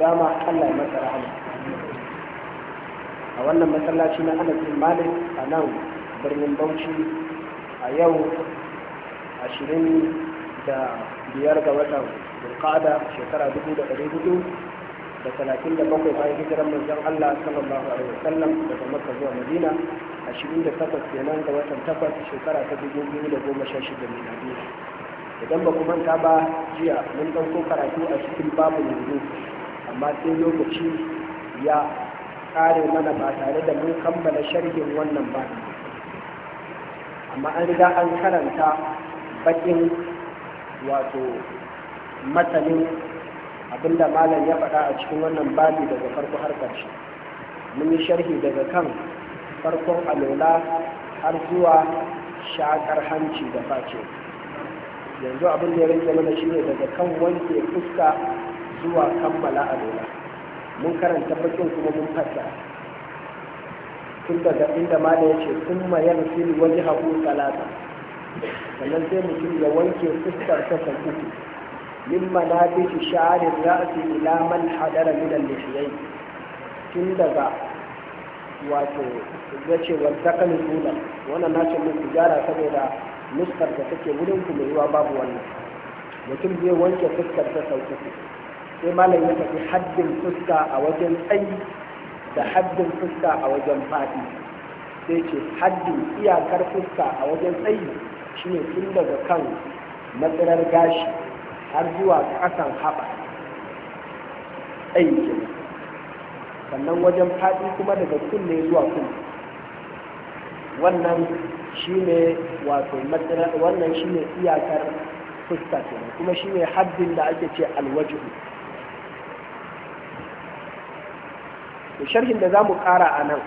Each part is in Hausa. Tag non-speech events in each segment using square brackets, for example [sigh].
dama Allah ya masa rahama a wannan masallaci na Anas bin Malik a nan birnin Bauchi a yau ashirin da biyar ga watan Zulqa'ada shekara dubu da ɗari da talatin da bakwai bayan hijiran manzon Allah sallallahu alaihi wasallam daga Makka zuwa Madina 28 da takwas kenan ga watan takwas shekara ta dubu biyu da goma sha idan ba ku manta ba jiya mun ko karatu a cikin babu yanzu amma sai lokaci ya kare mana ba tare da mun kammala sharhin wannan ba amma an riga an karanta bakin wato matanin abinda malam ya faɗa a cikin wannan babi daga farko har ƙarshe mun yi sharhi daga kan farkon alola har zuwa shakar hanci da face. yanzu abin da ya rage mana ne daga kan wanke fuska zuwa kammala a alola mun karanta bakin kuma mun fata tun daga inda ma da ya ce sun mayar fil waje haku talata sannan sai mutum ya wanke fuskar ta sau uku min manafi sharin ra'asi ila man hadara min al-lihiyai tun daga wato ya ce wa wannan na ce gyara saboda nuskar da take wurin ku mai ruwa babu wannan mutum zai wanke fuskar ta sauki sai malam ya faɗi haddin fuska a wajen tsayi da haddin fuska a wajen faɗi sai ce haddin iyakar fuska a wajen tsayi shine tun daga kan matsirar gashi har zuwa ƙasan haɓa tsayi ke sannan wajen faɗi kuma daga kunne zuwa kunne wannan ne wato wannan shine iyakar fuska kenan kuma ne haddin da ake ce alwajihu. Mu sharhin da za mu kara a nan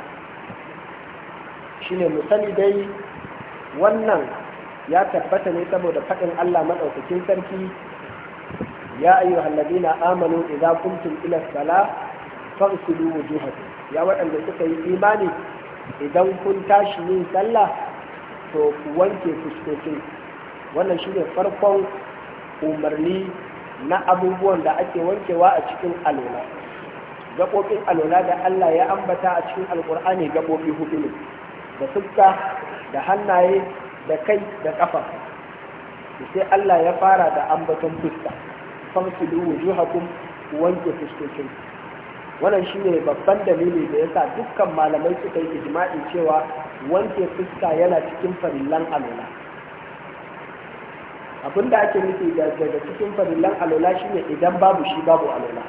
shine mu sani dai wannan ya tabbata ne saboda faɗin Allah maɗaukakin sarki ya ayyuhal ladina amanu idza kuntum ila salah faghsilu wujuhakum ya waɗanda suka yi imani idan kun tashi yin sallah to ku wanke fuskokin wannan shine farkon umarni na abubuwan da ake wankewa a cikin alola gaɓoɓin alola da Allah ya ambata a cikin alƙur'ani gaɓoɓi hudu ne da fuska da hannaye da kai da ƙafa sai Allah ya fara da ambaton fuska famsilu wujuhakum wanke fuskokin wannan shine babban dalili da yasa dukkan malamai suka yi ijma'i cewa wanke fuska yana cikin farillan alola abin da ake nufi daga cikin farillan alola shine idan babu shi babu alola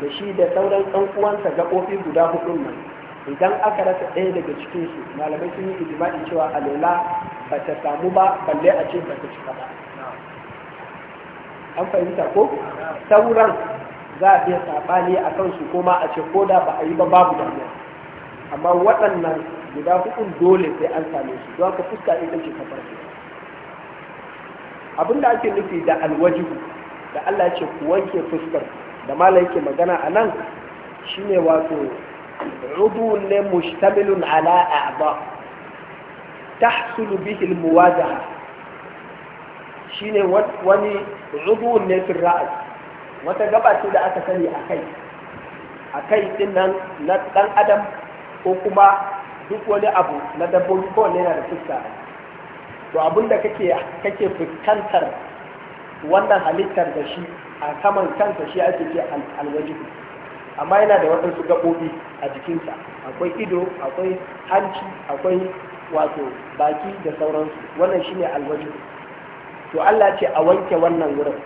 da shi da sauran ɗan uwansa gaɓoɓi guda hudu nan idan aka rasa ɗaya daga cikinsu malamai sun yi ijma'i cewa alola ba ta samu ba balle a ce ba ta cika ba an fahimta ko sauran za a iya saɓani a su koma a ce ko da ba a yi ba babu damuwa amma waɗannan guda hukun dole sai an same su don ka fuska ita ce ta farko abin da ake nufi da alwajihu da Allah ce ku wanke fuskar da mala yake magana a nan shine wato udu ne mushtamilun ala a'ba tahsulu bihi almuwajaha shine wani udu ne fi ra'as wata gaba ce da aka sani a kai a kai din nan na ɗan adam ko kuma duk wani abu na dabbobi ko yana da fuska to abin da kake kake fuskantar wannan halittar da shi a saman kansa shi ake ce alwajibu amma yana da waɗansu gaɓoɓi a jikinsa akwai ido akwai hanci akwai wato baki da sauransu wannan shine alwajibu to Allah ce a wanke wannan wurin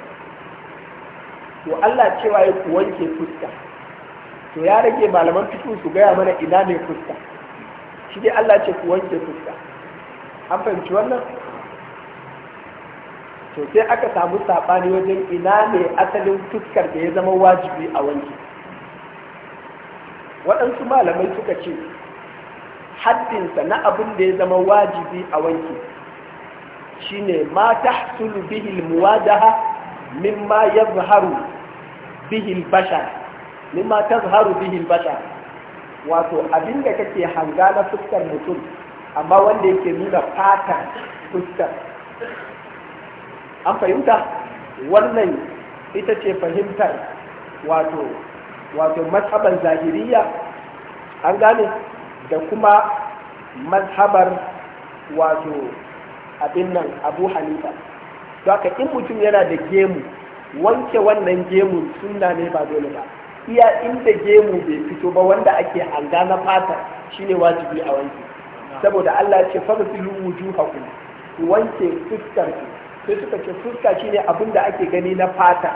to Allah cewa ya ku wanke fuska to ya rage malaman fiqh su gaya mana ina ne fuska shi dai Allah ce ku wanke fuska an fahimci wannan to sai aka samu sabani wajen ina ne asalin fuskar da ya zama wajibi a wanke waɗansu malamai suka ce haddinsa na abin da ya zama wajibi a wanke shine ma tahsulu bihi almuwadaha mimma yazharu Bihin bashar mimma tazharu bihin bashar wato abin da kake hanga na fuskar mutum amma wanda yake nuna fata fuskar an fahimta wannan ita ce fahimtar wato wato mazhabar zahiriya an gane da kuma mazhabar wato abin nan abu hanifa to haka in mutum yana da gemu wanke wannan gemu sunna ne ba dole ba iya inda gemu bai fito ba wanda ake hanga na fata shine wajibi a wanke saboda Allah ce fasilu wujuhakum ku wanke fuskar ku sai suka ce fuska shine abin da ake gani na fata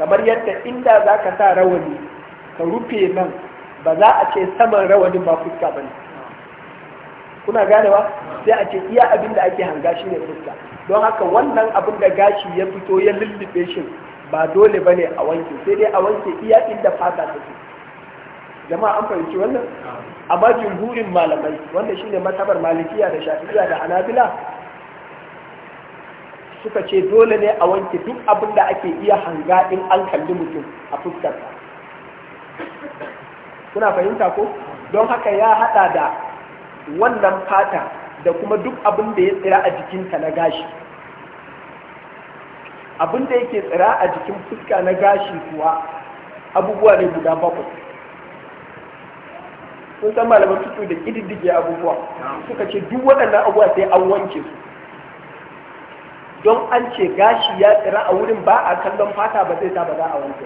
kamar yadda inda zaka sa rawani ka rufe nan ba za a ce saman rawanin ba fuska ba bane kuna ganewa sai a ce iya abin da ake hanga shi ne fuska don haka wannan abin da gashi ya fito ya lullube shi ba dole ba a wanke sai dai a wanke iya inda fata take jama'a an fahimci wannan amma jumhurin malamai wanda shine matabar malikiya da shafi'iya da anabila suka ce dole ne a wanke duk abin da ake iya hanga in an kalli mutum a fuskarsa kuna fahimta ko don haka ya hada da wannan fata da kuma duk abin da ya tsira a jikinta na gashi abin da yake tsira a jikin fuska na gashi kuwa abubuwa ne guda bakwai sun san malaman fito da ƙididdige abubuwa suka ce duk waɗannan abubuwa sai an wanke su don an ce gashi ya tsira a wurin ba a kallon fata ba zai ta ba za a wanke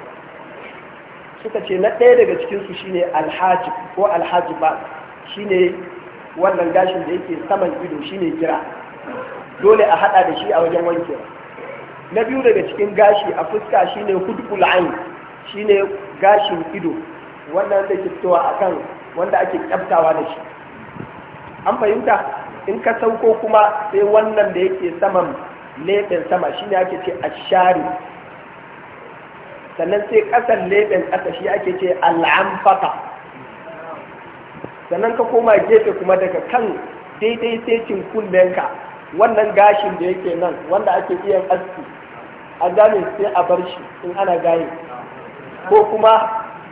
suka ce na ɗaya daga cikinsu shine alhaji ko alhaji ba shine wannan gashin da yake saman ido shine kira dole a hada da shi a wajen wankewa na biyu daga cikin gashi a fuska shine hudkul ain shine gashin ido wannan da ke fitowa akan wanda ake kyaftawa da shi an fahimta in ka sauko kuma sai wannan da yake saman leɓen sama shine ake ce ashari sannan sai ƙasan leɓen ƙasa shi ake ce al'amfata sannan ka koma gefe kuma daga kan daidai setin kullenka wannan gashin da yake nan wanda ake iya aski a gane sai a bar shi in ana gaye ko kuma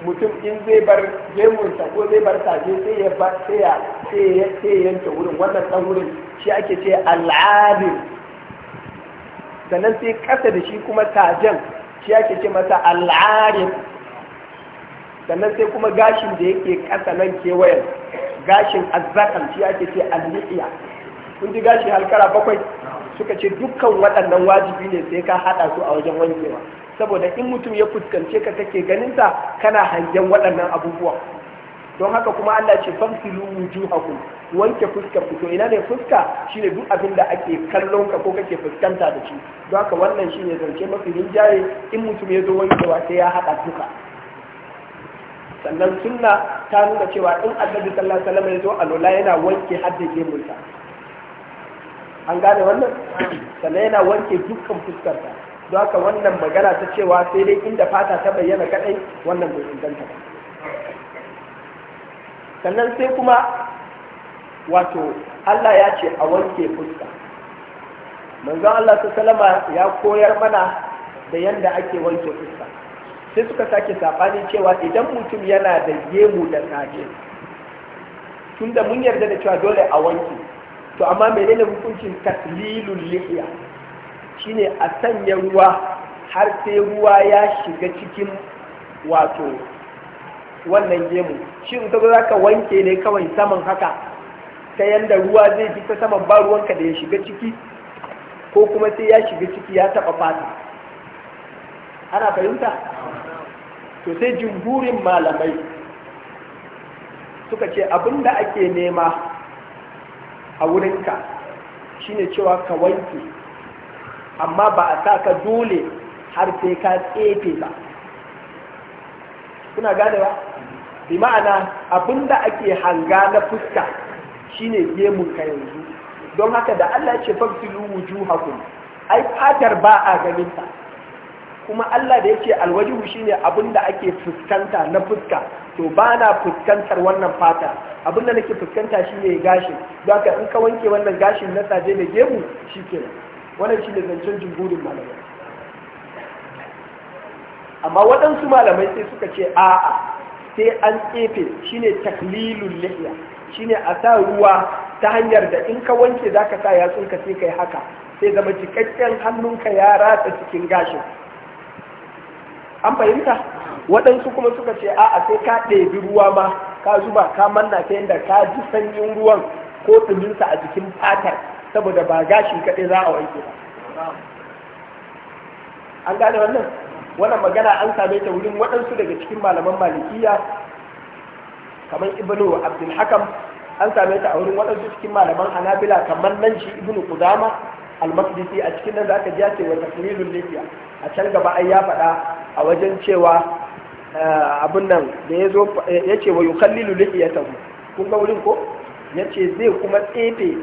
mutum in zai bar gemunsa ko zai bar saje sai ya yanta wurin wannan dan wurin shi ake ce al'adin sannan sai kasa da shi kuma tajen shi ake ce masa al'adin sannan sai kuma gashin da yake ƙasa nan kewayen gashin azzakal shi ake ce alliya kun ji gashi halkara bakwai suka ce dukkan waɗannan wajibi ne sai ka haɗa su a wajen wankewa saboda in mutum ya fuskance ka kake ganin sa kana hangen waɗannan abubuwa don haka kuma Allah ce famsilu wujuhakum wanke fuska fito ina ne fuska shine duk abin da ake kallon ka ko kake fuskanta da shi don haka wannan shine zance mafi rinjaye in mutum ya zo wankewa sai ya haɗa duka sannan sunna ta nuna cewa in annabi sallallahu alaihi wasallam ya zo alola yana wanke hadda gemunsa an gane wannan sannan yana wanke dukkan fuskarta, don haka wannan magana ta cewa sai dai inda fata ta bayyana kadai wannan bai inganta ba sannan sai kuma wato Allah ya ce a wanke fuska manzon Allah ta salama ya koyar mana da yanda ake wanke fuska sai suka sake saɓani cewa idan mutum yana da gemu da safe tunda mun yarda da cewa dole a wanke to amma menene hukuncin taslilul lihiya shine a sanya ruwa har sai ruwa ya shiga cikin wato wannan gemu shi in ka za zaka wanke ne kawai saman haka ta yanda ruwa zai fi ta saman ba ruwanka da ya shiga ciki ko kuma sai ya shiga ciki ya taɓa fata ana fahimta to sai jimburin malamai suka ce abin da ake nema a wurinka shine cewa ka wanke amma ba a sa ka dole har sai ka tsefe ba kuna gane ba bi ma'ana abin da ake hanga na fuska shine gemun ka yanzu don haka da Allah ya ce fagsilu wujuhakum ai fatar ba a ganin ta kuma Allah da yake alwajihu shine abin da ake fuskanta na fuska to ba na fuskantar wannan fata abin da nake fuskanta shine gashin don ka in ka wanke wannan gashin na saje da gemu shi kenan wannan shi ne zancen jumhurin malamai amma waɗansu malamai sai suka ce a'a sai an tsefe shine taklilul lihiya shine a sa ruwa ta hanyar da in ka wanke zaka sa ka sai kai haka sai zama cikakken hannunka ya ratsa cikin gashin an fahimta waɗansu kuma suka ce a'a sai ka ɗebi ruwa ma ka zuba ka manna ta yadda ka ji sanyin ruwan ko ɗuminsa a jikin fatar saboda ba gashi kaɗai za a wanke ba an gane wannan wannan magana an same ta wurin waɗansu daga cikin malaman malikiya kamar ibnu abdul hakam an same ta a wurin waɗansu cikin malaman hanabila kamar nan shi ibnu kudama al-maqdisi a cikin nan zaka ji ce wa tahlilul lifiya a can gaba ai ya faɗa a wajen cewa eh, abun nan da yazo yace wa yukhallilu lifiyatahu kun ga wurin ko yace zai kuma tsefe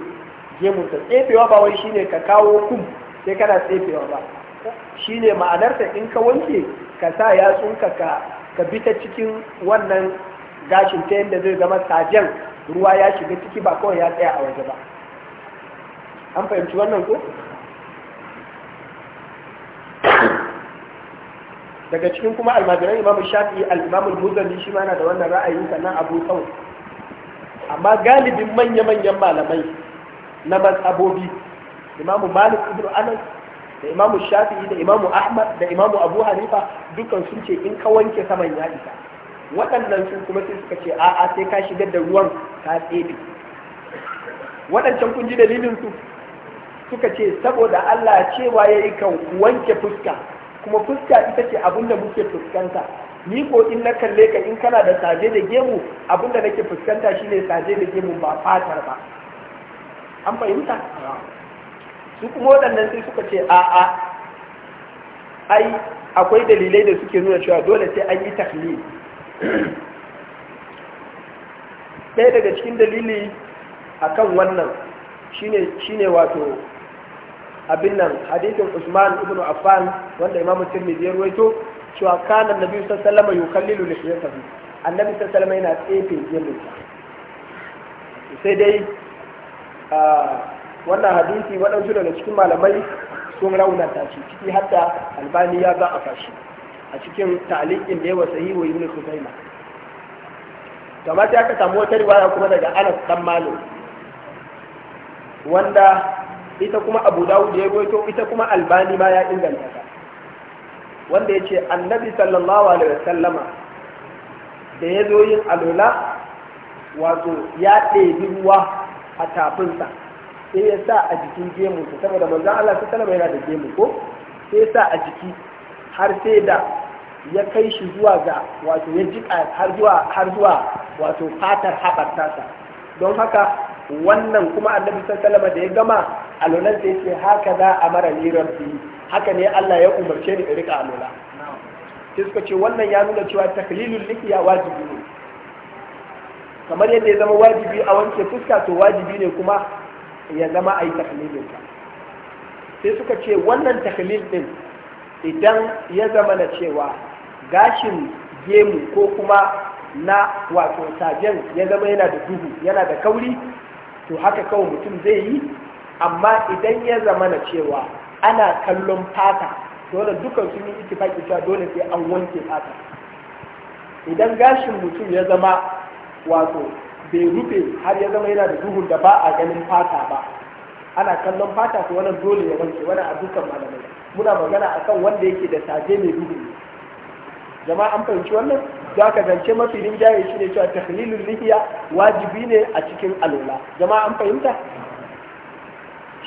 gemun ta tsefewa ba wai shine ka kawo kum sai kana tsefewa ba shine ma'anar ta in ka wanke ka sa yatsunka ka ka bi ta cikin wannan gashin ta yanda zai zama sajen ruwa ya shiga ciki ba kawai ya tsaya a waje ba an fahimci wannan ko daga cikin kuma almajiran imamu shafi al-imamu muzalli shi mana da wannan ra'ayi sannan abu tsawo. amma galibin manya-manyan malamai na matsabobi, imamu malik ibn anas da imamu shafi'i da imamu ahmad da imamu abu hanifa dukkan sun ce in ka wanke saman ya isa waɗannan sun kuma sai suka ce a'a sai ka shigar da ruwan ka tsebe waɗancan kun ji dalilin su suka ce saboda Allah cewa ya yi kan wanke fuska kuma fuska ita ce abin da muke fuskanta ni ko in na kalle ka in kana da saje da gemu abin da nake fuskanta shine saje da gemu ba fatar ba an fahimta su kuma waɗannan sai suka ce a'a ai akwai dalilai da suke nuna cewa dole sai an yi tahlil ɗaya daga cikin dalili akan wannan shine shine wato abin nan hadisin Usman ibn Affan wanda Imam Tirmidhi ya ruwaito cewa kana Annabi sallallahu alaihi wasallam yukallilu lihiyatahu Annabi sallallahu yana tsefe gemunsa sai dai wannan hadisi waɗansu daga cikin malamai sun raunata shi ciki hatta albani ya za a fashi a cikin ta'alikin da yawa sahihu ibn Khuzaima kamar ta aka samu wata riwaya kuma daga Anas dan Malik wanda ita kuma abu dawud ya rawaito ita kuma albani ma ya inganta ta wanda ya ce annabi sallallahu alaihi wasallama da ya zo yin alula wato ya ɗebi ruwa a tafinsa sai ya sa a jikin gemunsa saboda manzo Allah su sallama yana da gemu ko sai ya sa a jiki har sai da ya kai shi zuwa ga wato ya jiƙa har zuwa har zuwa wato fatar haɓar tasa don haka wannan kuma annabi sallallahu alaihi da ya gama alolan sai ce haka za a mara lirar fi haka ne Allah ya umarce ni in rika alola sai suka ce wannan ya nuna cewa taklilul likiya wajibi ne kamar yadda ya zama wajibi a wanke fuska to wajibi ne kuma ya zama a yi taklilin ka sai suka ce wannan taklil din idan ya zama na cewa gashin gemu ko kuma na wato sajen ya zama yana da duhu yana da kauri to haka kawai mutum zai yi amma idan ya zama na cewa ana kallon fata dole dukkan sun yi ittifaki cewa dole sai an wanke fata idan gashin mutum ya zama wato bai rufe har ya zama yana da duhun da ba a ganin fata ba ana kallon fata ko wannan dole ya wanke wannan a dukkan malamai muna magana akan wanda yake da saje mai duhu jama'a an fahimci wannan za ka zance mafi rinjaye shi ne cewa tahlilul lihiya wajibi ne a cikin alola jama'a an fahimta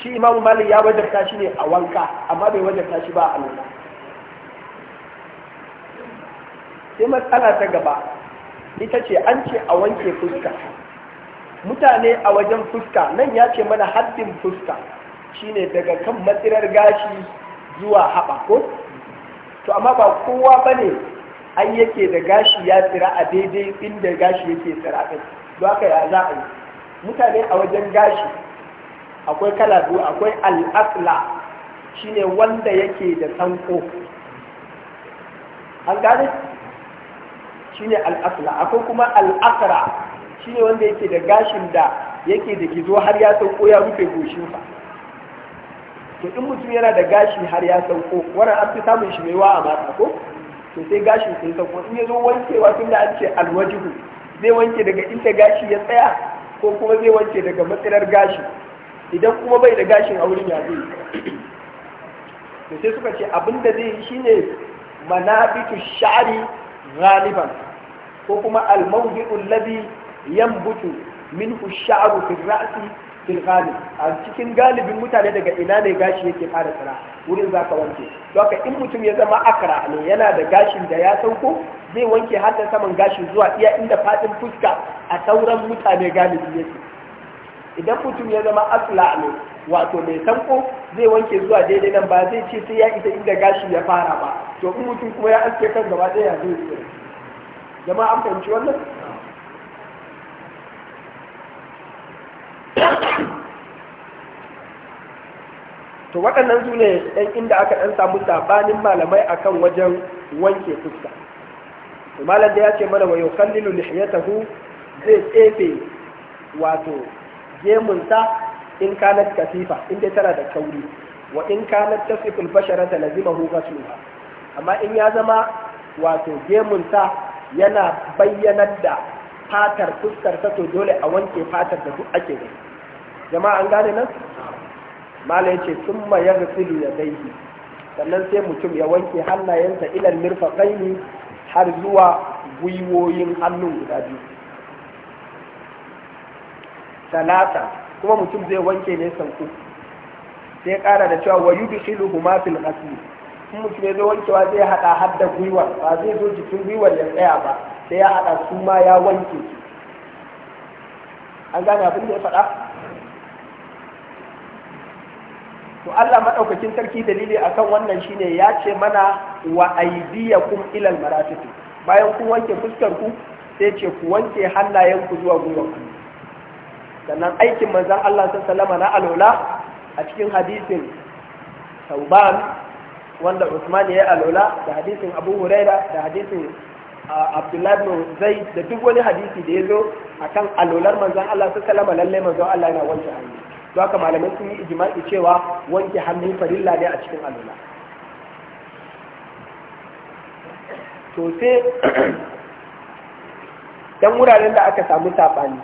shi imamu Mali ya wajarta shi ne a wanka amma bai wajarta shi ba a alola sai matsala ta gaba ita ce an ce a wanke fuska mutane a wajen fuska nan ya ce mana haddin fuska shine daga kan matsirar gashi zuwa haɓa ko to amma ba kowa ba ne an yake da gashi ya tsira a daidai inda gashi yake tsira kai don haka ya za a yi mutane a wajen gashi akwai kala biyu akwai al'asla shine wanda yake da tsanko an gane shine al'asla akwai kuma al'asra shine wanda yake da gashin da yake da gizo har ya sauko ya rufe goshinsa to in mutum yana da gashi har ya sauko wannan an fi samun shi mai wa a mata ko to sai gashin sun sauko in ya zo wankewa tun da an ce alwajihu zai wanke daga inda gashi ya tsaya ko kuma zai wanke daga matsirar gashi idan kuma bai da gashin a wurin ya zai sai suka ce abin da zai yi shine manabitu sha'ri ghaliban ko kuma al-mawdi'u alladhi yanbutu minhu sharu fi rasi cikin a cikin galibin mutane daga ina ne gashi yake fara tsira wurin zaka wanke to haka in mutum ya zama akra ne yana da gashin da ya sauko zai wanke har da saman gashin zuwa iya inda fadin fuska a sauran mutane galibi yake idan mutum ya zama asla ne wato mai sanko zai wanke zuwa daidai nan ba zai ce sai ya isa inda gashi ya fara ba to in mutum kuma ya aske kan gaba ɗaya zai tsira jama'a an fahimci wannan [coughs] to waɗannan su ne ɗan inda aka ɗan samu saɓanin malamai a kan wajen wanke fuska malam da ya ce mana wayo kallilu lihiyatahu zai tsefe wato gemunsa in kanat kasifa in dai tana da kauri wa in kanat tasiful basharata lazimahu ghasluha amma in ya zama wato gemunsa yana bayyanar da fatar fuskar ta to dole a wanke fatar da duk ake gani jama'a an gane nan mala yace summa ya yadayhi sannan sai mutum ya wanke hannayensa ilal mirfaqaini har zuwa gwiwoyin hannun guda biyu talata kuma mutum zai wanke ne san sai kara da cewa wa yudkhiluhuma fil ghasl mutum ya zo wankewa zai hada har da gwiwar ba zai zo jikin gwiwar ya tsaya ba sai ya haɗa su ma ya wanke su an gane abin da ya faɗa to Allah maɗaukakin sarki dalili akan wannan shine ya ce mana wa kun ilal marafiq bayan kun wanke fuskar ku sai ce ku wanke hannayen ku zuwa gwiwar ku sannan aikin manzon Allah sallallahu na alola a cikin hadisin Sauban wanda Usman ya yi alola da hadisin Abu Huraira da hadisin abdullahi bin zai da duk wani hadisi da ya zo a kan alolar manzan Allah su kalama lalle manzan Allah yana wanke hannu to haka malamai sun yi ijma'i cewa wanke hannu farilla ne a cikin alola to sai dan [clears throat] wuraren da aka samu saɓani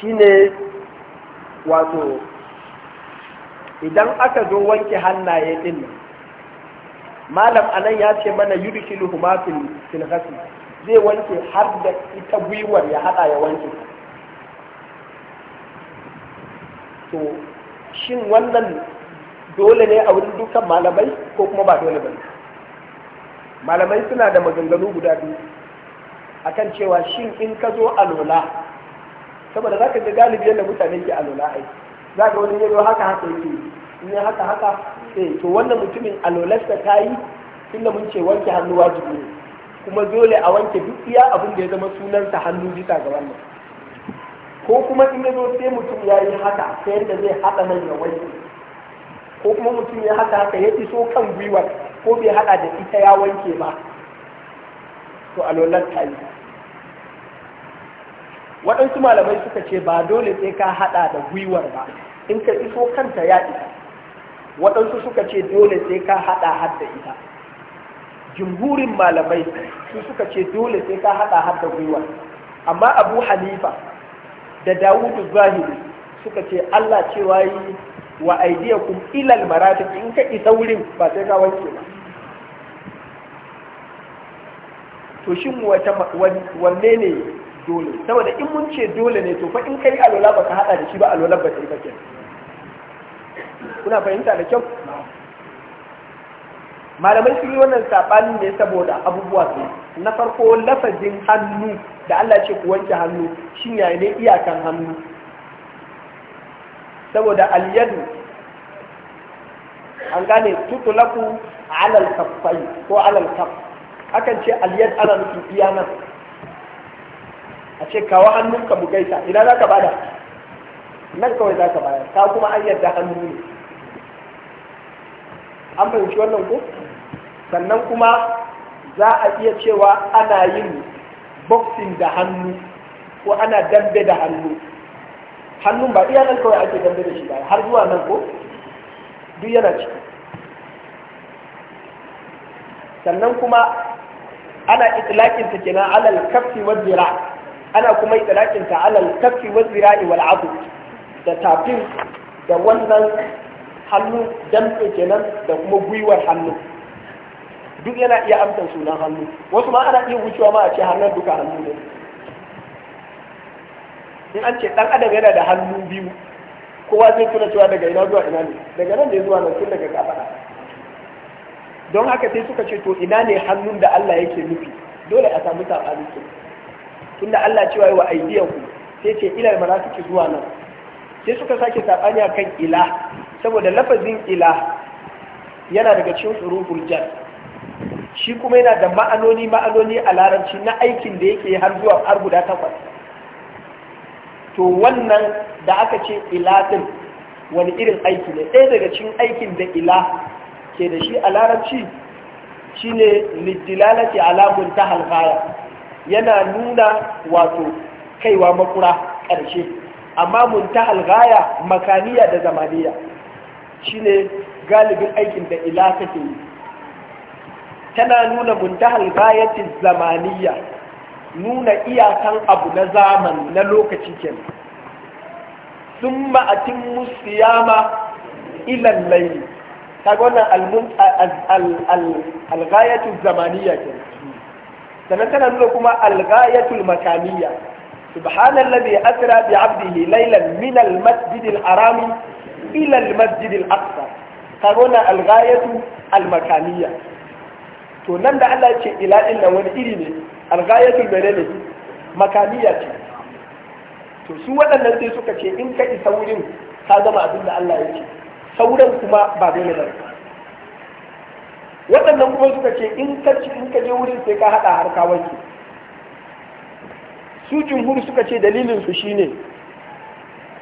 shine wato idan aka zo wanke hannaye ɗin nan malam anan ya ce mana yudkhilu huma fil fil ghasl zai wanke har da ita gwiwar ya hada ya wanke to shin wannan dole ne a wurin dukkan malamai ko kuma ba dole ba malamai suna da maganganu guda biyu akan cewa shin in ka zo a lola saboda za ka ga galibi yadda mutane ke lola ai za ka wani yadda haka haka yake in haka haka Eh, to wannan mutumin alolarsa ta yi inda mun ce wanke hannu wajibi ne kuma dole a wanke duk iya abin da ya zama sunansa hannu bisa ga wannan ko kuma in ya zo sai mutum ya yi haka ta yadda zai haɗa nan ya wanke ko kuma mutum ya haka haka ya iso kan gwiwar ko bai haɗa da ita ya wanke ba to alolar ta yi waɗansu malamai suka ce ba dole sai ka haɗa da gwiwar ba in ka iso kanta ya isa waɗansu suka ce dole sai ka haɗa hadda ita jimhurin malamai su suka ce dole sai ka haɗa hadda gwiwa amma abu hanifa da dawudu zahiri suka ce allah cewa yi wa kun ilal marata in ka isa wurin ba sai ka wanke ba to shin wata wanne ne dole saboda in mun ce dole ne to fa in kai alola ka haɗa da shi ba alola ba sai ba kenan kuna fahimta da kyau malamai sun yi wannan saɓani ne saboda abubuwa su na farko lafazin hannu da Allah ce ku wanke hannu shin ya ne iyakan hannu saboda alyadu an gane tutulaku alal kafai ko alal kaf akan ce alyad ana nufin iya a ce kawo hannunka mu idan za ka bada nan kawai za ka bayar ka kuma an yadda hannu ne an fahimci wannan ko sannan kuma za a iya cewa ana yin boxing da hannu ko ana dambe da hannu hannun ba iya nan kawai ake dambe da shi ba har zuwa nan ko duk yana ciki sannan kuma ana itlaƙin ta kenan alal kafi wa zira ana kuma itlaƙin ta alal kafi wa zira wal abu da tafin da wannan hannu damfe kenan da kuma gwiwar hannu duk yana iya amsa sunan hannu wasu ma ana iya wucewa ma a ce hannun duka hannu ne in an ce dan adam yana da hannu biyu kowa zai tuna cewa daga ina zuwa ina ne daga nan ne zuwa nan tun daga kafa don haka sai suka ce to ina ne hannun da Allah yake nufi dole a samu sabani tunda Allah cewa yi wa aidiyanku sai ce ilal malakati zuwa nan sai suka sake saɓani kan ila saboda lafazin ila yana daga cikin tsuruful jar shi kuma yana da ma'anoni ma'anoni a larabci na aikin da yake har zuwa har guda takwas to wannan da aka ce ila din wani irin aiki ne ɗaya daga cikin aikin da ila ke da shi a larabci shine lidilalati alamun ta halfaya yana nuna wato kaiwa makura ƙarshe amma muntahal gaya makaniya da zamaniya shine galibin aikin da ila take yi tana nuna muntahal gayati zamaniya nuna iyakan abu na zaman na lokaci kenan Sun atimmu siyama ila al-layl kaga al zamaniya kenan sannan tana nuna kuma al-ghayatu makaniya سبحان الذي أسرى بعبده ليلا من المسجد الحرام إلى المسجد الأقصى هنا الغاية المكانية to nan da Allah ce ila inda wani iri ne alghayatul ne makaniya ce to su waɗannan sai suka ce in ka isa wurin ka zama abin da Allah ya ce sauran kuma ba dole ba kuma suka ce in ka je wurin sai ka haɗa harka ka wanke su jumhur suka ce dalilin su shine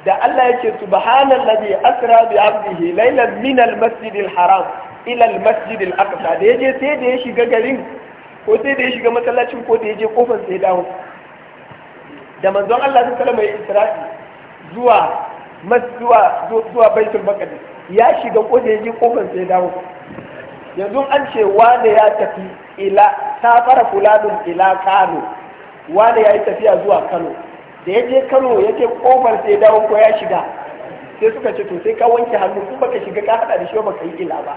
da Allah yake subhanallazi asra bi abdihi laylan min al al haram ila al al aqsa da yaje sai da ya shiga garin ko sai da ya shiga masallacin ko da yaje kofar sai dawo da manzon Allah sallallahu alaihi wasallam ya isra'i zuwa zuwa zuwa baitul maqdis ya shiga ko da yaje kofar sai dawo yanzu an ce wanda ya tafi ila safara fulanun ila kano Wani ya yi tafiya zuwa kano da ya je kano ya je kofar sai dawo ko ya shiga sai suka ce to sai ka wanke hannu ko baka shiga ka hada da shi ba ka yi ila ba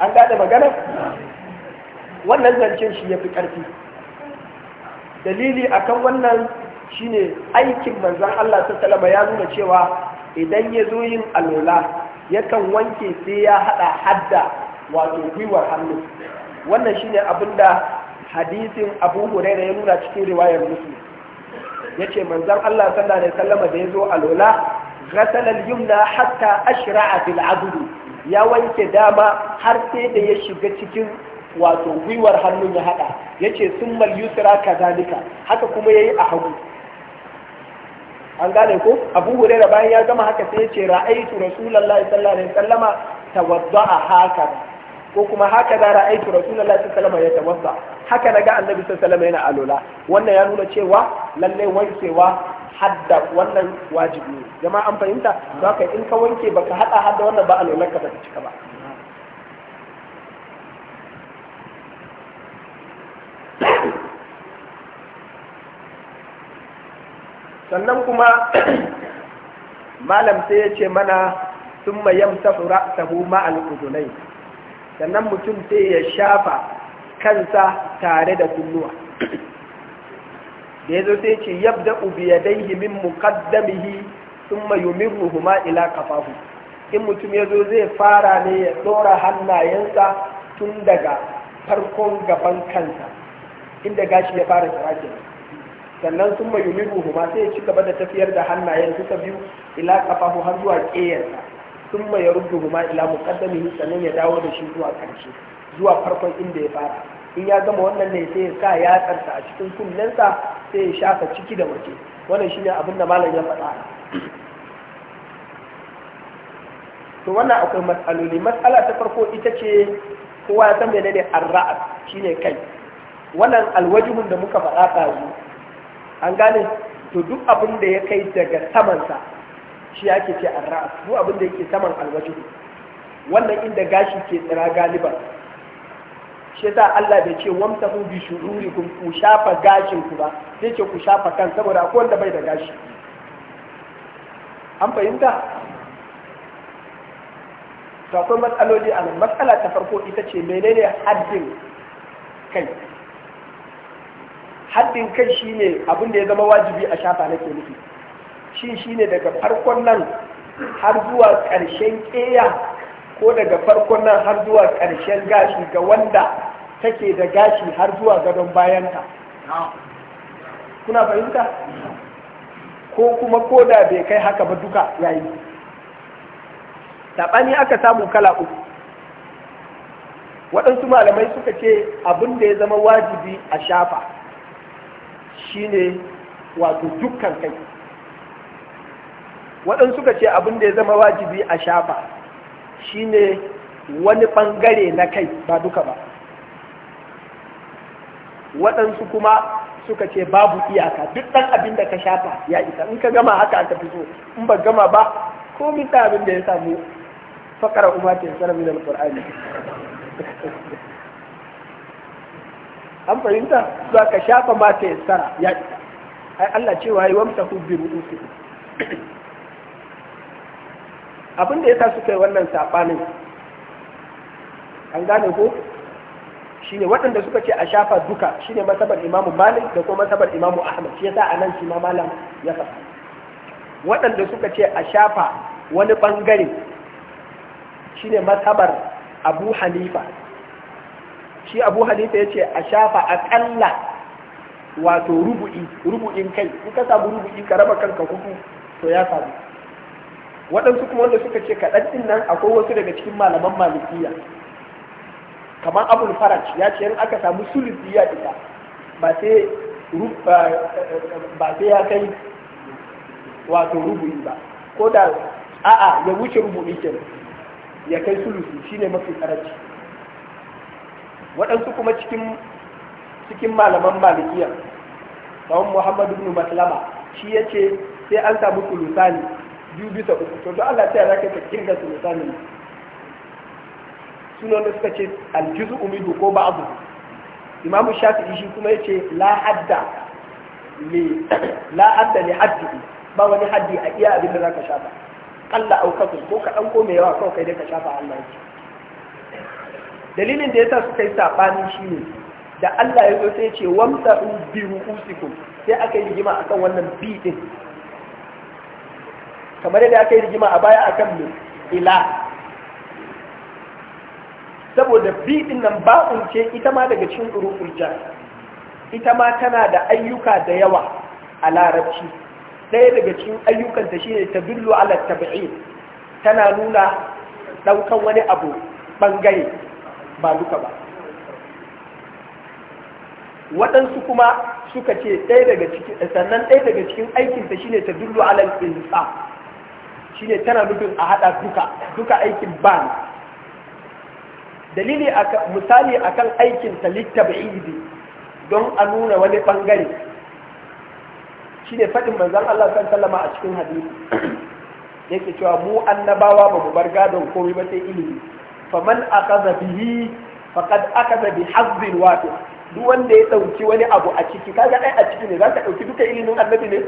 an gada magana wannan zancen shi ya fi ƙarfi dalili akan wannan shine aikin manzan Allah ta salama ya nuna cewa idan ya zo yin alola yakan wanke sai ya hada hadda wato gwiwar hannu wannan shine abin da hadisin abu huraira ya nuna cikin riwayar musu ya ce manzan allah sallallahu alaihi sallama da ya zo a lola, ghasalal yumna hatta ashra'a fil adudu ya wanke dama har sai da ya shiga cikin wato gwiwar hannun ya hada ya ce sun yusra kazalika haka kuma ya yi a hagu an gane ko abu huraira bayan ya gama haka sai ya ce ra'aitu rasulullahi sallallahu alaihi wasallama tawadda'a haka ko kuma haka da ra'aytu rasulullahi sallallahu alaihi wasallam wasa. haka naga annabi sallallahu alaihi wasallam yana alola wannan ya nuna cewa lalle wankewa hadda wannan wajibi ne jama'a an fahimta haka in ka wanke baka hada hadda wannan ba alola ka ba cika ba sannan kuma malam sai ya ce mana sun mayam tafi ra'sahu ma'al udunai sannan mutum sai ya shafa kansa tare da kunnuwa da ya zo sai ce yabda himin min sun mayumin ruhuma ila kafafu." in mutum ya zo zai fara ne ya tsora hannayensa tun daga farkon gaban kansa inda gashi ya fara tsirake sannan sun mayumin ruhuma sai ya ci gaba da tafiyar da hannayen suka biyu ila kafafu har zuwa ƙeyarsa sun mai ya rubu ma ila muqaddamihi sannan ya dawo da shi zuwa ƙarshe zuwa farkon inda ya fara in ya gama wannan ne sai ya sa tsarta a cikin kullensa sai ya shafa ciki da waje wannan shine abin da malam ya faɗa to wannan akwai matsaloli matsala ta farko ita ce kowa ya san menene ar Shi shine kai wannan alwajihun da muka faɗa ɗazu an gane to duk abin da ya kai daga samansa shi yake ce ra'as duk abin da yake saman alwajin wannan inda gashi ke tsira galiba shi yasa Allah bai ce wamsahu bi shururikum ku shafa gashin ku ba sai ce ku shafa kan saboda akwai wanda bai da gashi an fahimta to matsaloli a nan matsala ta farko ita ce menene haddin kai haddin kai shine abin da ya zama wajibi a shafa nake nufi shi ne daga farkon nan har zuwa ƙarshen ƙeya ko daga farkon nan har zuwa ƙarshen gashi ga wanda take da gashi har zuwa gadon bayanta kuna fahimta ko kuma koda bai kai haka ba duka yayi saɓani aka samu kala uku waɗansu malamai suka ce abin da ya zama wajibi a shafa shi ne wato dukkan kai waɗansu suka ce abin da ya zama wajibi a shafa shine wani ɓangare na kai ba duka ba waɗansu kuma suka ce babu iyaka duk ɗan abin da ka shafa ya isa in ka gama haka aka fi so in ba gama ba ko mita abin da ya samu fakara umatin sarami da alƙur'ani an fahimta za ka shafa mata ya tsara ya isa ai Allah cewa yi wamta ku bi su. abin da ya sa suka yi wannan saɓanin an gane ko ne waɗanda suka ce a shafa duka shine masabar imamu malik da kuma masabar imamu ahmad shi yasa anan shi ma malam ya faɗa waɗanda suka ce a shafa wani ɓangare shine masabar abu hanifa shi abu hanifa ya ce a shafa aƙalla wato rubu'i rubu'in kai in ka samu rubu'i ka raba kanka hudu to ya samu waɗansu kuma wanda suka ce kaɗan ɗin nan akwai wasu daga cikin malaman malikiya kamar abul faraj ya ce in aka samu sulusi ya isa ba sai ya kai wato rubu'i ba ko da a'a ya wuce rubu'i kenan ya kai shi ne mafi karanci waɗansu kuma cikin cikin malaman malikiya kawon muhammadu ibn maslama shi ya ce sai an samu sulusani biyu bisa uku to da Allah ta zaka ka kirga su misali sunan da suka ce aljuzu umidu ko ba'du imam shafi'i shi kuma yace la hadda li la hadda li haddi ba wani haddi a iya abin da zaka shafa Allah au kasu ko ka dan ko mai yawa kawai kai dai ka shafa Allah yake dalilin da yasa suka yi sabani shine da Allah ya zo sai ya ce wamsa bi ru'usikum sai aka yi rigima akan wannan bi din kamar yadda aka yi rigima a baya akan mu ila saboda bi din nan ba'un ce ita ma daga cikin uruful ita ma tana da ayyuka da yawa a larabci ɗaya daga cikin ayyukanta ta tadullu ala tabi'i tana nuna ɗaukan wani abu ɓangare ba duka ba waɗansu kuma suka ce ɗaya daga cikin sannan ɗaya daga cikin aikinta ne ta dullu alal insa shine tana nufin a haɗa duka duka aikin ban dalili misali akan aikin talitta ba'idi don a nuna wani bangare shine faɗin manzan Allah san sallallahu a cikin hadisi [clears throat] yake cewa mu annabawa ba mu bar gadon komai ba sai ilimi faman akaza bihi faqad akaza bi hazzin duk wanda ya ɗauki wani abu a ciki kaga ai a ciki ne za ka ɗauki duka ilimin annabi ne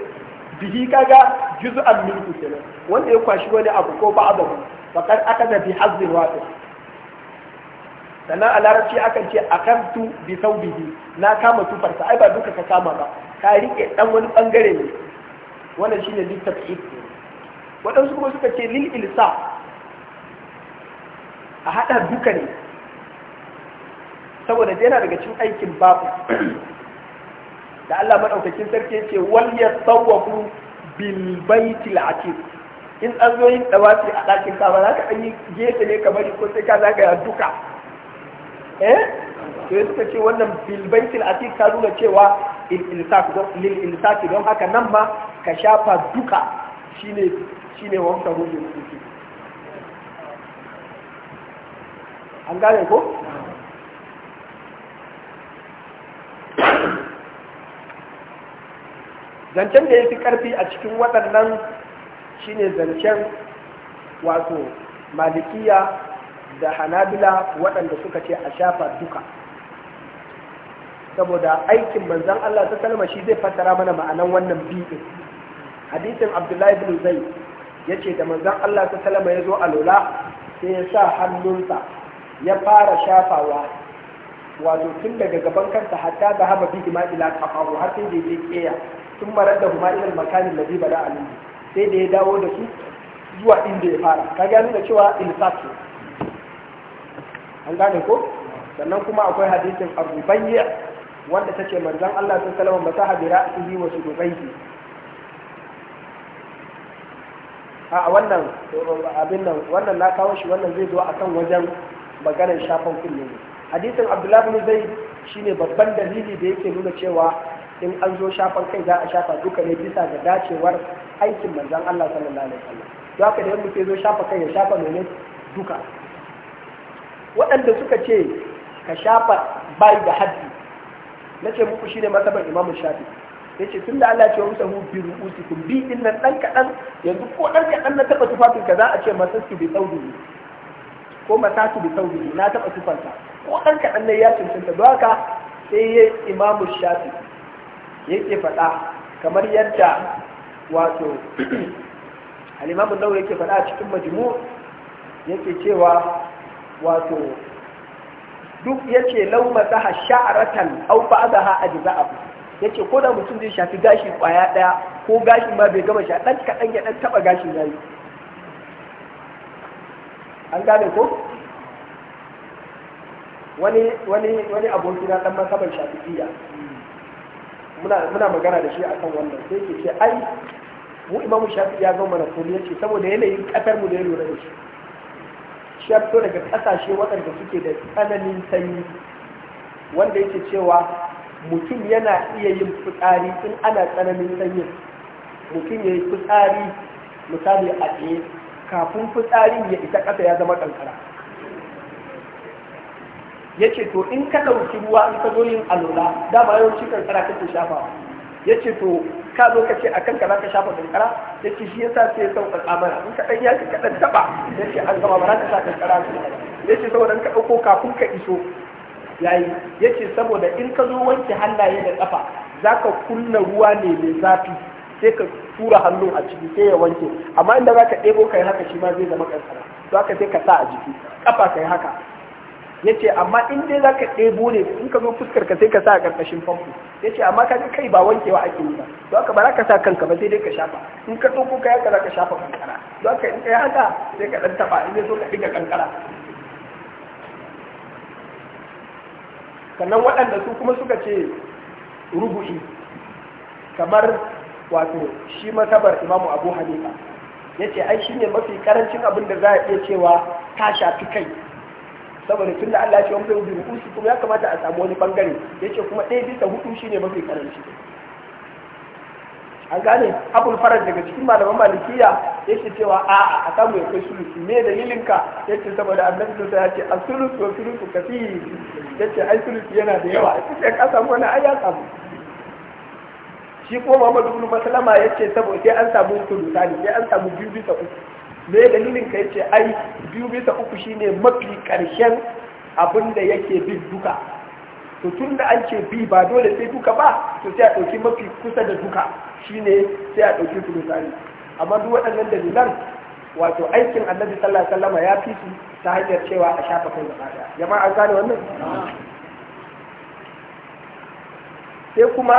bihi kaga juz'an milku kenan wanda ya kwashi wani abu ko ba abu fakar aka da bi hazzin wato sannan a larabci akan ce tu bi bihi na kama tufarsa ai ba duka ka kama ba ka rike dan wani bangare ne wannan shine littafin waɗansu kuma suka ce lil ilsa a haɗa duka ne saboda yana daga cikin aikin babu da Allah madaukakin sarki yace wal yatawafu bil baitil atiq in an zo yin dawafi a ɗakin kaba za ka yi gefe ne kamar ko sai ka zagaya duka eh to ya suka ce wannan bil baitil atiq ka nuna cewa lil insaq don haka nan ma ka shafa duka shine shine wanda hujjar an gane ko zancen da ya fi karfi a cikin waɗannan shine zancen wato malikiya da hanabila waɗanda suka ce a shafa duka saboda aikin manzan Allah ta salama shi zai fassara mana ma'anan wannan bi'in hadisin abdullahi bin zai ya ce da manzan Allah ta salama ya zo a lola sai ya sa hannunsa ya fara shafawa wato tun daga gaban kansa hatta da haba bi ila kafahu har sai da ya keya sun marar da kuma irin makanin da bada alim sai da ya dawo da su zuwa inda ya fara ka gani da cewa sato an gane ko sannan kuma akwai hadisin abu bayya wanda ta ce manzan Allah sun salama ba ta habira su yi wasu dubaihi a wannan abin nan wannan na kawo shi wannan zai zo a kan wajen maganar shafan kullum ne hadisin abdullahi bin zaid shine babban dalili da yake nuna cewa in an zo shafan kai za a shafa duka ne bisa ga dacewar aikin manzan Allah sallallahu alaihi wasallam to haka da yamma ke zo shafa kai ya shafa mene duka waɗanda suka ce ka shafa bai da haddi na ce muku shine masabar Imam shafi ya ce tun da Allah ce wusa hu bi ru'usikum bi din nan dan kadan yanzu ko dan kadan na taba tufafin ka za a ce masasu bi saudi ko masasu bi saudi na taba tufanta ko dan kadan ne ya cancanta don haka sai ya imamu shafi yake faɗa kamar yadda wato [clears throat] alimamun nau yake faɗa cikin majmu yake cewa wato duk yake lauma ta sha'aratan au ba'daha ajza'ahu yake ko da mutum zai shafi gashi kwaya daya ko gashi ma bai gama sha dan kadan ya dan taba gashin yayi an gane ko wani wani wani aboki na dan shafi muna magana da shi akan wannan sai ke ce ai mu imamu shafi ya zo mana kuma ce, saboda yanayin kasar mu da ya lura da shi shi ya fito daga kasashe waɗanda suke da tsananin sanyi wanda yake cewa mutum yana iya yin fitsari in ana tsananin sanyin mutum ya yi fitsari misali a tsaye kafin fitsarin ya isa ƙasa ya zama ƙanƙara. ya ce to in ka ɗauki ruwa in ka zo yin alola da ba yawanci kankara kake shafa ya ce to ka zo ka ce a kanka za ka shafa kankara ya ce shi yasa sai ya sau mana in ka ɗan yaki ka ɗan taɓa ya ce an gama ba za ka sa kankara su ya ce saboda in ka ɗauko kafin ka iso yayi ya ce saboda in ka zo wanke hannaye da ƙafa za ka kunna ruwa ne mai zafi sai ka tura hannun a ciki sai ya wanke amma inda za ka ɗebo ka yi haka shi ma zai zama kankara to haka sai ka sa a jiki ƙafa ka yi haka ya ce amma in dai za ka ɗebo ne in ka zo fuskar ka sai ka sa a ƙarƙashin famfo ya ce amma ka kai ba wankewa ake yi ba to haka ba za ka sa kanka ba sai dai ka shafa in ka ɗauko kaya ka za ka shafa kankara to haka in kai haka sai ka ɗan taɓa in ya so ka ɗiga kankara sannan waɗanda su kuma suka ce rubu'i kamar wato shi matabar imamu abu hanifa ya ce ai shi ne mafi karancin abin da za a iya cewa ta shafi kai saboda tun da Allah ya ce wani hudu shi kuma ya kamata a samu wani bangare ya ce kuma ɗaya bisa hudu ne mafi karanci an gane abul farar daga cikin malaman malikiya ce cewa a a samu ya kai sulusu me dalilin ya ce saboda annabi sosai ya ce a sulusu wa sulusu ya ce ai sulusu yana da yawa sai ka samu wani ai ya samu shi ko Muhammadu ibn ya ce saboda sai an samu sulusa ne sai an samu biyu bisa uku me dalilin ka yace ai biyu bisa uku shine mafi karshen abin da yake bi duka to tun da an ce bi ba dole sai duka ba to sai a ɗauki mafi kusa da duka shine sai a ɗauki misali amma duk waɗannan dalilan wato aikin annabi sallallahu alaihi wasallam ya fi su ta hanyar cewa a shafa kai gaba ɗaya jama'a an gane wannan sai kuma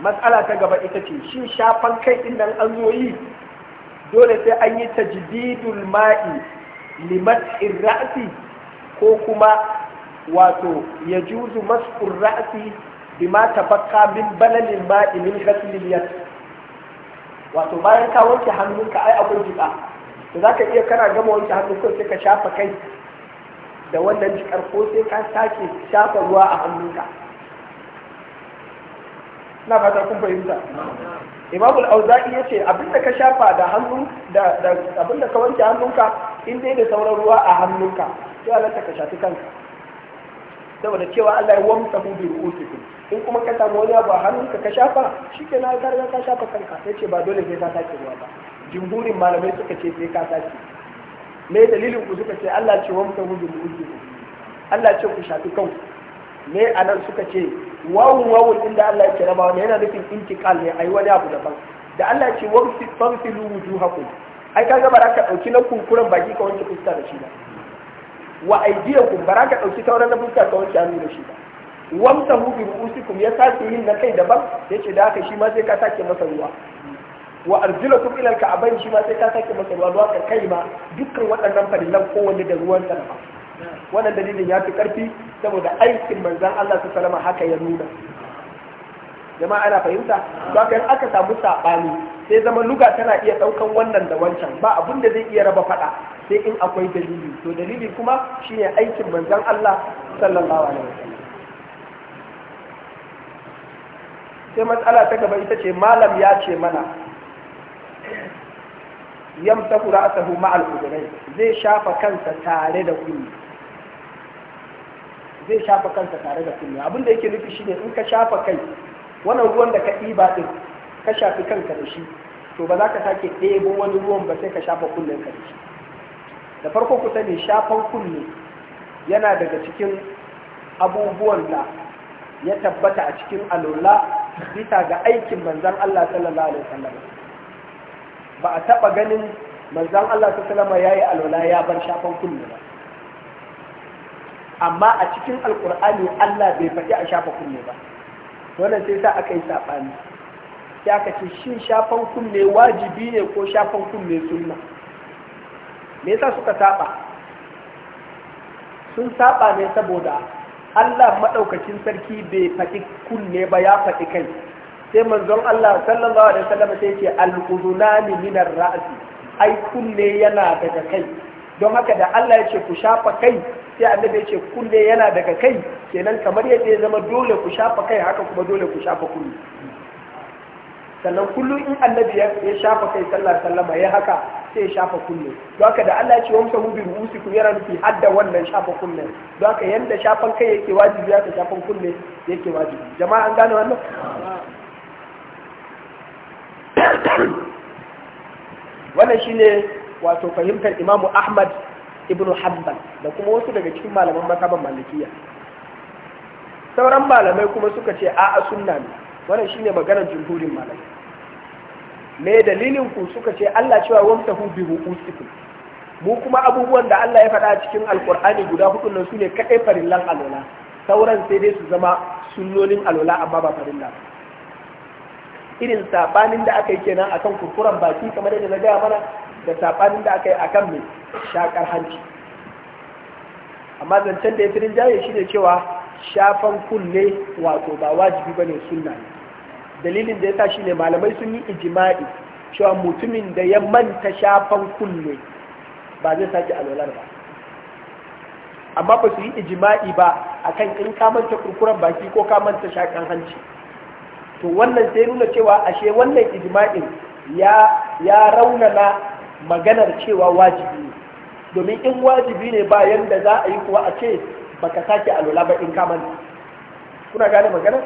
matsala ta gaba ita ce shi shafan kai inda an zo yi dole sai an yi tajdidul ma'i limat'ir ra'si ko kuma wato yajuzu mas'ur ra'si bima tafakka min balalil ma'i min ghaslil yad wato bayan ka wanke hannunka ai akwai jika to zaka iya kana gama wanke hannu sai ka shafa kai da wannan jikar ko sai ka sake shafa ruwa a hannunka na fata kun fahimta imamu al ce, yace abinda ka shafa da hannu da da abinda ka wanke hannunka in dai da sauran ruwa a hannunka sai Allah ka shafi kanka saboda cewa Allah ya wamsa hu bi ru'usikum in kuma ka samu wani abu a hannunka ka shafa Shi ke na gargar ka shafa kanka ce ba dole sai ka sake ruwa ba jimburin malamai suka ce sai ka sake me dalilin ku suka ce Allah ce wamsa hu bi ru'usikum Allah ce ku shafi kanku me anan suka ce wawun wawun inda da Allah ya rabawa ne, yana nufin intiqal ne ai wani abu daban da Allah ya ce wabsi fagsilu wujuhakum ai kaga baraka dauki na kunkuran baki ka wanke fuska da shi ba wa aydiyakum baraka dauki sauran na fuska ka wanke hannu da shi ba wamsahu bi ru'usikum ya sake yin na kai daban yace da haka shi ma sai ka sake masa ruwa wa arjulakum ila al-ka'bayn shi ma sai ka sake masa ruwa ruwa kai ma dukkan waɗannan fadilan kowanne da ruwan sa wannan dalilin ya fi ƙarfi saboda aikin manzan Allah su salama haka ya nuna jama'a ana fahimta to kai aka samu saɓani sai zama luga tana iya ɗaukan wannan da wancan ba abun da zai iya raba faɗa sai in akwai dalili to dalili kuma shine aikin manzan Allah sallallahu alaihi wasallam sai matsala ta gaba ita ce malam ya ce mana yamsahu ra'sahu ma'al udunai zai shafa kansa tare da kuni zai shafa kansa tare da kunne abin da yake nufi shine in ka shafa kai wannan ruwan da ka ɗiba ɗin ka shafi kanka da shi to ba za ka sake ɗebo wani ruwan ba sai ka shafa kunnen ka da shi da farko ku sani shafan kunne yana daga cikin abubuwan da ya tabbata a cikin alola bisa ga aikin manzan Allah sallallahu alaihi wasallam ba a taɓa ganin manzan Allah sallallahu alaihi wasallam yayi alola ya bar shafan kunne ba amma a cikin alkur'ani Allah bai faɗi a shafa kunne ba wannan sai sa aka yi saɓani sai aka ce shi shafan kunne wajibi ne ko shafan kunne sunna me yasa suka saɓa sun saɓa ne saboda Allah maɗaukacin sarki bai faɗi kunne ba ya faɗi kai sai manzon Allah sallallahu alaihi wasallam sai ce al-udunani min ar-ra'si ai kunne yana daga kai don haka da Allah ya ce ku shafa kai sai annabi ce kunne yana daga kai kenan kamar yadda ya zama dole ku shafa kai haka kuma dole ku shafa kunne sannan kullum in annabi ya shafa kai sallar sallama ya haka sai ya shafa kunne don haka da Allah ya ce wamsa hu bi ru'usikum yana nufi hadda wannan shafa kunne don haka yanda shafan kai yake wajibi ya shafan kunne yake wajibi jama'a an gane wannan [coughs] wannan shine wato fahimtar Imam Ahmad ibnu hanbal da kuma wasu daga cikin malaman mazhaban malikiya sauran malamai kuma suka ce a'a sunna ne wannan shine maganar jumhurin malamai me dalilin ku suka ce Allah cewa wamtahu bi ru'usikum mu kuma abubuwan da Allah ya faɗa cikin alkur'ani guda hudu nan sune kadai farillan alola sauran sai dai su zama sunnonin alola amma ba farilla irin sabanin da aka yi kenan akan kurkuran baki kamar yadda na gaya mana da saɓanin da aka yi a kan mai shaƙar hanci amma zancen da ya firin jaye shi ne cewa shafan kunne wato ba wajibi ba ne suna dalilin da ya sa shi ne malamai sun yi ijima'i cewa mutumin da ya manta shafan kunne ba zai sake alwalar ba amma ba su yi ijima'i ba a kan in ka kurkuren baki ko ka manta shakan hanci to wannan sai nuna cewa ashe wannan ijima'in ya raunana maganar cewa wajibi ne domin in wajibi ne ba da za a yi kuwa a ce baka sake alwala ba in ne kuna gane maganar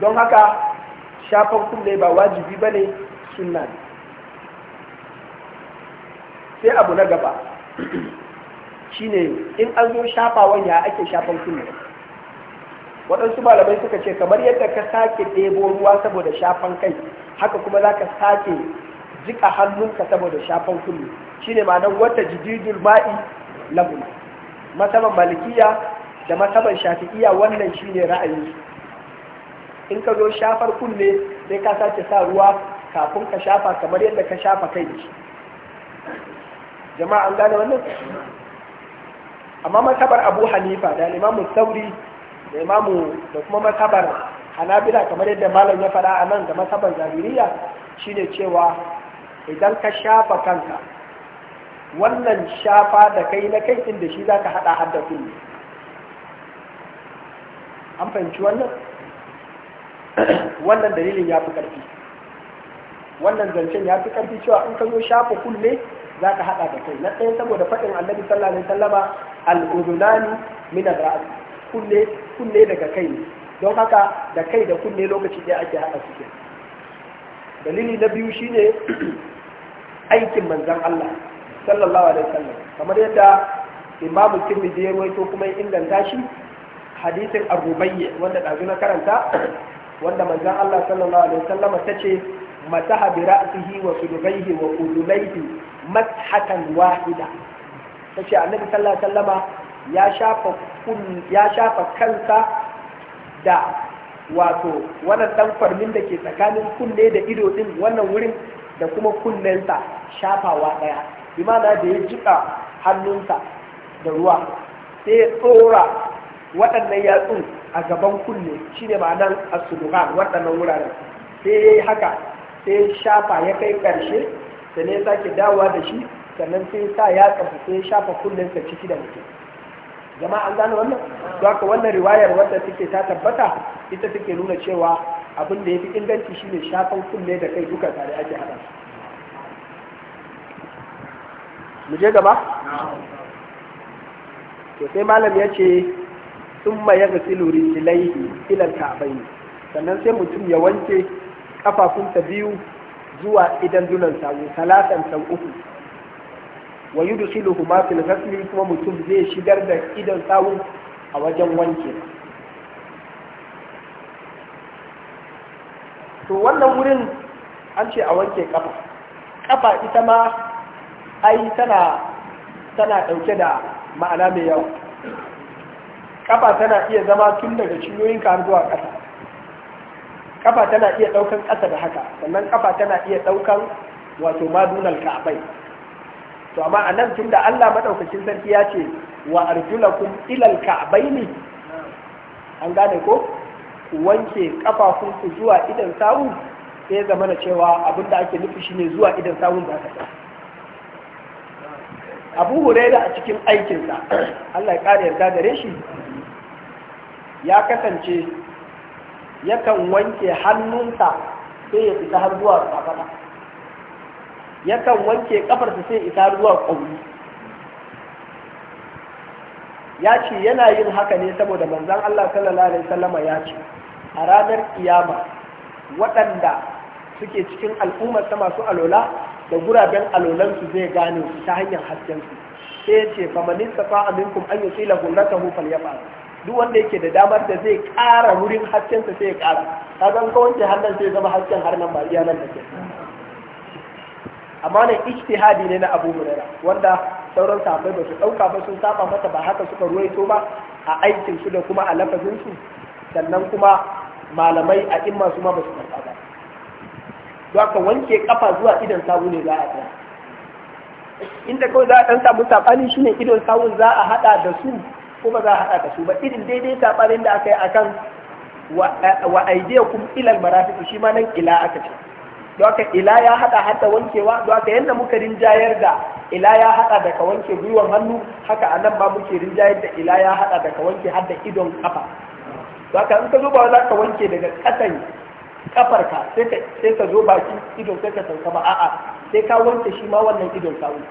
don haka shafan kulle ba wajibi ba ne sunna ne sai abu na gaba [clears throat] shine in an zo shafawan ya ake shafan kulle waɗansu malamai suka ce kamar yadda ka sake ɗebo ruwa saboda shafan kai haka kuma za ka sake jika hannunka saboda shafan kullu shine ma'anar wata jididul ma'i lahum masaban malikiya da masaban shafi'iya wannan shine ra'ayi in ka zo shafar kunne sai ka sace sa ruwa kafin ka shafa kamar yadda ka shafa kai da shi jama'a gane wannan amma masabar abu hanifa da imamu sauri da imamu da kuma masabar hanabila kamar yadda malam ya faɗa a nan da masabar zahiriya shine cewa idan ka shafa kanka wannan shafa da kai na kai inda shi za ka haɗa hadda kunne an fahimci wannan wannan dalilin ya fi ƙarfi wannan zancen ya fi ƙarfi cewa in ka zo shafa kulle za ka haɗa da kai na ɗaya saboda faɗin annabi sallallahu alaihi sallama al'udunani min ar kunne kunne daga kai ne don haka da kai da kunne lokaci ɗaya ake haɗa su dalili na biyu shine aikin manzan Allah sallallahu alaihi wasallam kamar yadda kirmi Tirmidhi ya to kuma inganta shi hadisin Abu wanda ɗazu na karanta wanda manzan Allah sallallahu alaihi wasallam ce mataha bi ra'sihi wa sudghayhi wa udulaihi mathatan wahida ce Annabi sallallahu alaihi wasallam ya shafa ya shafa kansa da wato wannan dan farmin da ke tsakanin kunne da ido din wannan wurin da kuma kullensa shafawa ɗaya imana da ya jiƙa hannunsa da ruwa sai ya tsora waɗannan yatsun a gaban kunne shine ma'anar asuluhan waɗannan wuraren sai ya yi haka sai ya shafa ya kai ƙarshe sannan ya sake dawowa da shi sannan sai sa ya tsafi sai ya shafa kullensa ciki da mutum jama'a an gane wannan don haka wannan riwayar wadda take ta tabbata ita take nuna cewa abin da ya fi inganci shi ne shafan kunne da kai duka tare ake haɗa mu je gaba to sai malam ya ce sun ma ya gasilu rijilaihi ilal ka'baini sannan sai mutum ya wanke kafafunsa biyu zuwa idan dunan sawu talatan sau uku wa kuma fil kuma mutum zai shigar da idan sawu a wajen wanke to wannan wurin an ce a wanke kafa kafa ita ma ai tana tana dauke da ma'ana mai yawa kafa tana iya zama tun daga ciyoyin ka zuwa ƙasa kafa tana iya daukan kasa da haka sannan kafa tana iya daukan wato madunal ka'abai to amma a nan tunda Allah madaukakin sarki ya ce wa arjulakum ilal ka'abaini an gane ko wanke kafafunku zuwa idan sawu sai zama na cewa abinda ake nufi shine zuwa idan sawun za ka abu huraira a cikin aikinsa allah ya ƙara yarda gare shi ya kasance yakan wanke hannunsa sai ya isa har zuwa kafada yakan wanke kafarsa sai isa har zuwa ƙauri ya ce yana yin haka ne saboda manzan allah sallallahu alaihi wasallama ya ce a ranar kiyama waɗanda suke cikin al'ummar ta masu alola da guraben alolansu zai gane su ta hanyar haskensu sai ce famanin safa aminkum an yi tsila ya falyafa duk wanda yake da damar da zai ƙara wurin haskensa sai ya ƙara kaga ka wanke hannun sai zama hasken har nan ba iya nan da ke amma nan ijtihadi ne na Abu Hurairah wanda sauran sahabbai ba su dauka ba sun saba mata ba haka suka ruwaito ba a aikinsu da kuma a lafazin su sannan kuma malamai a in masu ma basu karɓa ba don haka wanke kafa zuwa idon sawu ne za a ta inda kawai za a ɗan samu saɓani shine idon sawun za a haɗa da su ko ba za a haɗa da su ba irin daidai saɓanin da aka yi akan wa aidiyakum ilal marafiq shi ma nan ila aka ce don haka ila ya hada hada wankewa don haka yadda muka rinjayar da ila ya hada da ka wanke gwiwar hannu haka anan ba muke rinjayar da ila ya hada da ka wanke da idon kafa za ka in ka zo ba za ka wanke daga ƙasan ƙafarka sai ka zo baki idon sai ka sauka ba a'a sai ka wanke shi ma wannan idon sawun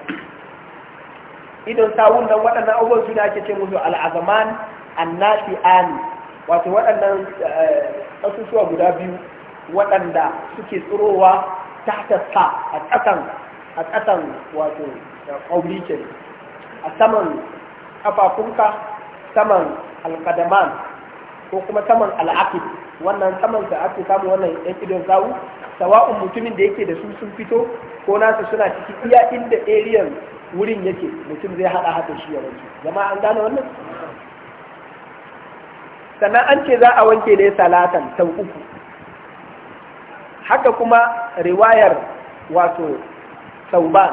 idon sawun nan waɗannan abubuwan suna ake ce musu al'azaman ani wato waɗannan eh, ƙasusuwa guda biyu waɗanda suke tsirowa ta sa a ƙasan a ƙasan wato ƙauri a saman ƙafafunka saman alƙadaman ko kuma saman al'aqib, wannan saman da ake samu wannan yan idon zawu sawa'un mutumin da yake da su sun fito ko nasu suna ciki iya inda area wurin yake mutum zai hada hada shi ya wanke zama an gane wannan sannan an ce za a wanke ne salatan sau uku haka kuma riwayar wato sauban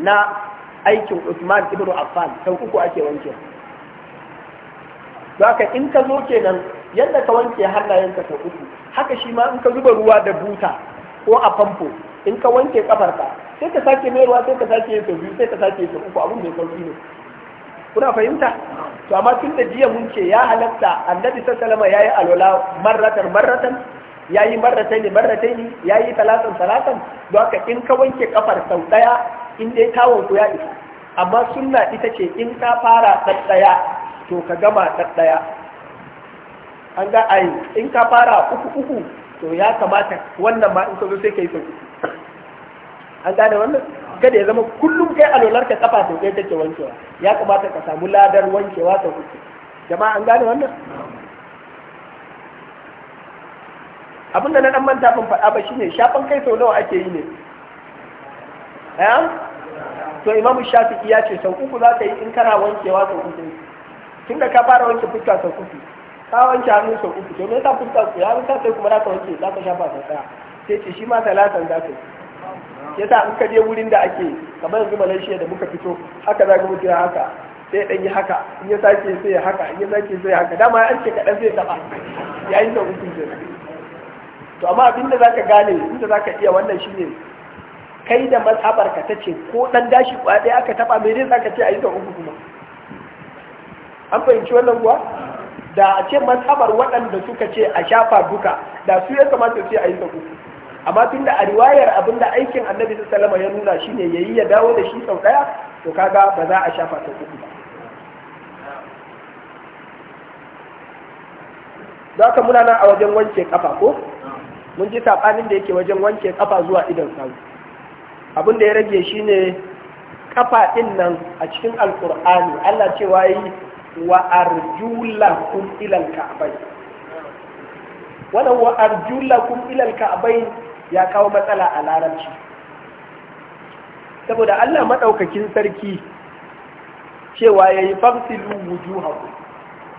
na aikin Usman ibn Affan sau uku ake wanke zaka in ka zo kenan yadda ka wanke hannayenka sau uku haka shi ma in ka zuba ruwa da buta ko a famfo in ka wanke kafarka sai ka sake mai ruwa sai ka sake yin sau biyu sai ka sake yin sau uku abin mai sauki ne kuna fahimta to amma tun da jiya mun ce ya halatta annabi sallallahu ya yi alwala marratan marratan ya yi marratai ne marratan ne ya yi talatan talatan don haka in ka wanke kafar sau daya in dai tawon ku ya isa amma sunna ita ce in ka fara ɗaya to ka gama ɗaya an ga ai in ka fara uku uku to ya kamata wannan ma in ka zo sai ka yi sauki an gane wannan kada ya zama kullum kai alolar ka kafa sau kai take wankewa ya kamata ka samu ladar wankewa ta uku jama'a an gane wannan abin da na dan manta ban faɗa ba shine shafan kai sau nawa ake yi ne eh to imamu shafi'i ya ce sau uku za ka yi in kana wankewa sau uku tun da ka fara wanke fuska sau uku ka wanke hannu sau uku to me yasa fuska ku ya rusa sai kuma za ka wanke za ka shafa sau ɗaya sai ce shi ma talatan za ka yi yasa in ka je wurin da ake kamar yanzu malaysia da muka fito haka za ka mutu haka sai dan yi haka in ya sake sai ya haka in ya sake sai ya haka dama an ce kaɗan zai taɓa yayin sau uku ke to amma abin da zaka gane inda zaka iya wannan shine kai da mazhabar ka tace ko dan gashi kwa ɗaya aka taɓa me zai ka ce a yi da uku kuma an fahimci wannan kuwa da a ce matsabar waɗanda suka ce a shafa duka da su ya kamata sai a yi sa uku amma tun da a riwayar abin da aikin annabi salama ya nuna shine yayi ya dawo da shi sau ɗaya to kaga ba za a shafa ta uku ba za ka muna nan a wajen wanke kafa ko mun ji saɓanin da yake wajen wanke kafa zuwa idan sau abin da ya rage shine kafa ɗin nan a cikin alkur'ani allah cewa yi wa arjulakum ila alka'bay wannan wa arjulakum ila alka'bay ya kawo matsala a laranci, saboda Allah madaukakin sarki cewa yayi famsilu wujuhakum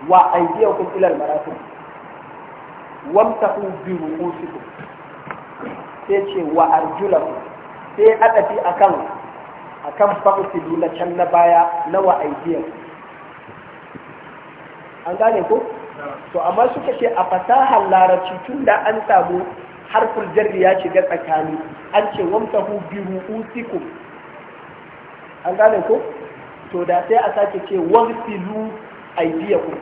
wa aydiyakum ila almarafiq wamtahu bi ru'usikum sai ce wa arjulakum sai adafi akan akan famsilu na can na baya na wa aydiyakum an gane ko to amma suka ce a fasahar larabci tun da an samu harfin jarri ya shiga tsakani an ce wamsahu bi ru'usikum an gane ko to da sai a sake ce wamsilu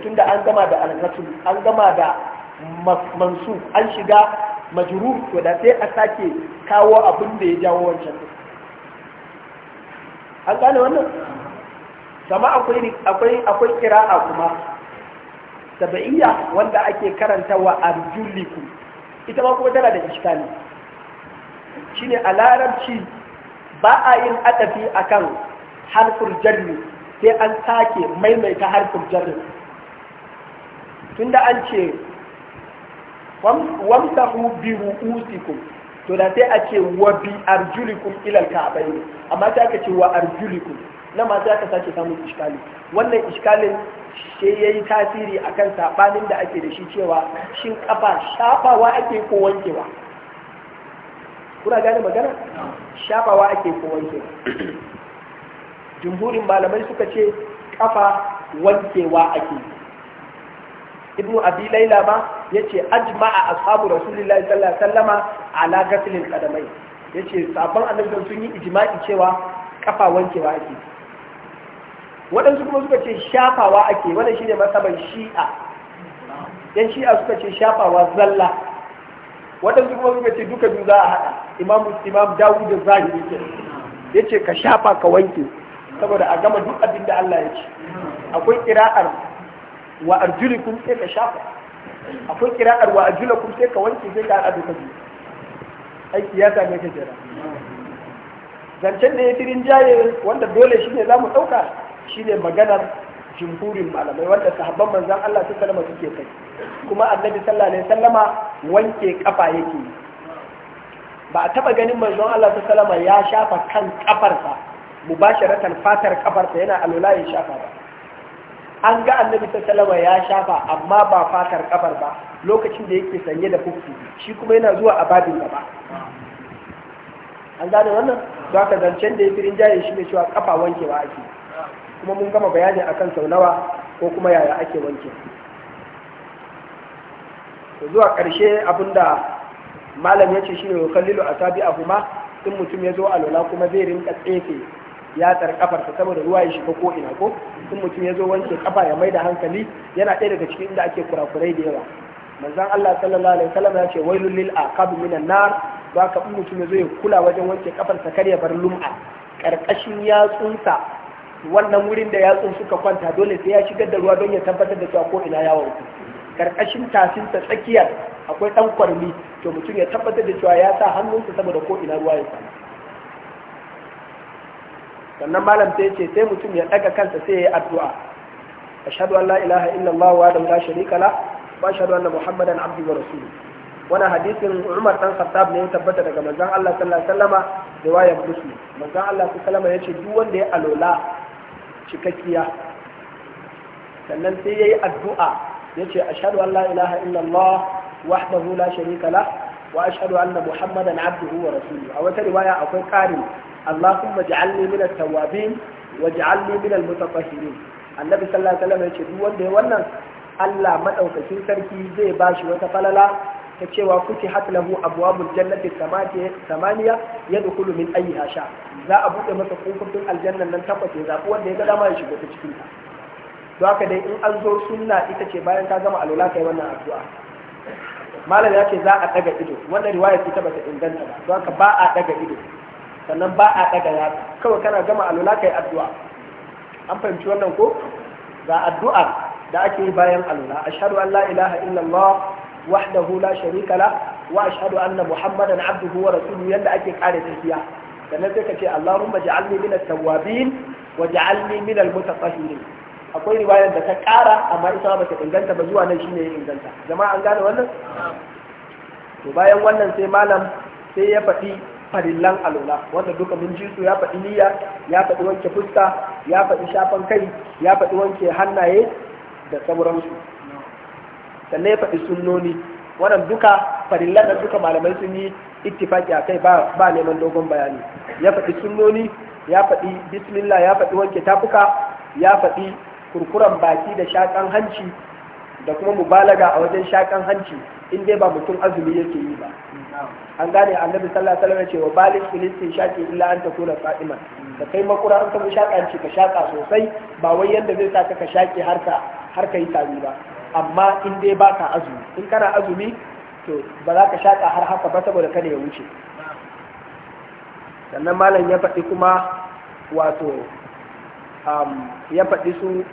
tun da an gama da al an gama da mansu an shiga majuru, to da sai a sake kawo abin da ya jawo wancan an gane wannan sama akwai akwai akwai kira'a kuma sabaiya wanda ake karanta karantawa arjuliku ita ma kuma tana da iskali shine a larabci ba a yin adafi akan harfin jarri sai an sake maimaita harfin jarri tunda an ce wamsahu bi ru'usikum to da sai a ce wa bi arjulikum ila al amma sai aka ce wa arjulikum Na ma sai aka sake samun iskali wannan iskalin sai ya yi tasiri a kan saɓanin da ake da shi cewa shin ƙafa shafawa ake ko wankewa kuna gane magana shafawa ake ko wankewa [clears throat] jumhurin malamai suka ce ƙafa wankewa ake ibn abi laila ma yace ajma'a ashabu rasulillahi sallallahu alaihi wasallama ala kadamai ya ce sabon annabi sun yi ijma'i cewa ƙafa wankewa ake waɗansu kuma suka ce shafawa ake wannan shine masaban shi'a yan shi'a suka ce shafawa zalla waɗansu kuma suka ce duka biyu za a haɗa imam imam dawud da zahiri ke ce ka shafa ka wanke saboda a gama duk abin da Allah ya ce akwai kira'ar wa arjulikum sai ka shafa akwai kira'ar wa arjulakum sai ka wanke sai ka haɗa duka biyu aiki ya same ka jira zancen da ya fi jaye wanda dole shine za mu ɗauka shine maganar jimhurin malamai wanda sahabban manzan Allah su sallama suke kai kuma annabi sallallahu sallama wanke kafa yake ba a taɓa ganin manzon Allah su sallama ya shafa kan kafarsa mubasharatan fatar kafarsa yana alula ya shafa ba an ga annabi sallallahu ya shafa amma ba fatar kafar ba lokacin da yake sanye da kufi shi kuma yana zuwa a babin ba. an gane wannan za zancen da ya firin jaye shi ne cewa kafa wankewa ake kuma mun gama bayani akan sau nawa ko kuma yaya ake wanke zuwa ƙarshe abin da malam ya ce shi ne tabi asabi kuma in mutum ya zo a lola kuma zai rinka tsefe ya tsar ƙafarsa saboda ruwa ya shiga ko ina ko in mutum ya zo wanke kafa ya mai da hankali yana ɗaya daga cikin inda ake kurakurai da yawa manzon Allah sallallahu alaihi wasallam ya ce wailul lil aqab minan nar baka in mutum ya zo ya kula wajen wanke kafarsa kar ya bar lum'a karkashin yatsunsa wannan wurin da yatsun suka kwanta dole sai ya shigar da ruwa don ya tabbatar da cewa ko ina ya wanku karkashin tasin ta tsakiyar akwai ɗan kwarmi to mutum ya tabbatar da cewa ya sa hannunsa saboda ko ina ruwa ya samu sannan malam sai ce sai mutum ya daga kansa sai ya yi addu'a ashhadu an la ilaha illallah wa la sharika la wa ashhadu anna muhammadan abduhu wa rasuluhu wani hadisin Umar dan Khattab ne ya tabbata daga manzon Allah sallallahu alaihi wasallama riwayar Muslim manzon Allah sallallahu alaihi wasallama yace duk wanda ya alola cikakkiya sannan sai ya yi addu'a ya ce ashadu an la ilaha illallah wahdahu la sharika la wa ashadu anna muhammadan abduhu wa rasuluhu a wata riwaya akwai ƙarin allahumma ja'alni min tawabin. wa ja'alni min al-mutatahhirin annabi sallallahu alaihi wasallam ya ce duk wanda ya wannan Allah madaukakin sarki zai bashi wata falala ta cewa kuti hatlahu abwabul jannati samaniya yadkhulu min ayyiha sha za a buɗe masa kofofin aljannan nan takwas ya zafi wanda ya ga dama ya shiga ta cikin ta don haka dai in an zo sunna ita ce bayan ka gama alwala kai wannan addu'a malam ya ce za a daga ido wannan riwaya ita bata inganta ba don haka ba a daga ido sannan ba a daga ya kawai kana gama alwala kai addu'a an fahimci wannan ko ga addu'a da ake yi bayan alwala ashhadu an la ilaha illallah وحده لا شريك له واشهد ان محمدا عبده ورسوله يلا اكي قاعده تسيا Da sai ka ce Allahumma ja'alni min at waje wa min akwai riwayar da ta kara amma ita ba ta inganta ba zuwa nan shine ya inganta jama'a an gane wannan to bayan wannan sai malam sai ya faɗi farillan alula wanda duka mun ji su ya faɗi niyya ya faɗi wanke fuska ya faɗi shafan kai ya faɗi wanke hannaye da sauransu sannan ya faɗi sunnoni wannan duka farillan nan duka malamai sun yi ittifaki a kai ba neman dogon bayani ya faɗi sunnoni ya faɗi bismillah ya faɗi wanke tafuka ya faɗi kurkuran baki da shakan hanci da kuma mubalaga a wajen shakan hanci in dai ba mutum azumi yake yi ba an gane annabi sallallahu alaihi wasallam cewa balis filistin shaki illa an na fatima da kai makura an samu shaka ci ka shaka sosai ba wai yanda zai saka ka shaki har ka yi tari ba amma in dai ba ka azumi in kana azumi to ba za ka shaƙa har haka ba saboda kada ya wuce sannan malam ya faɗi kuma wato ya faɗi su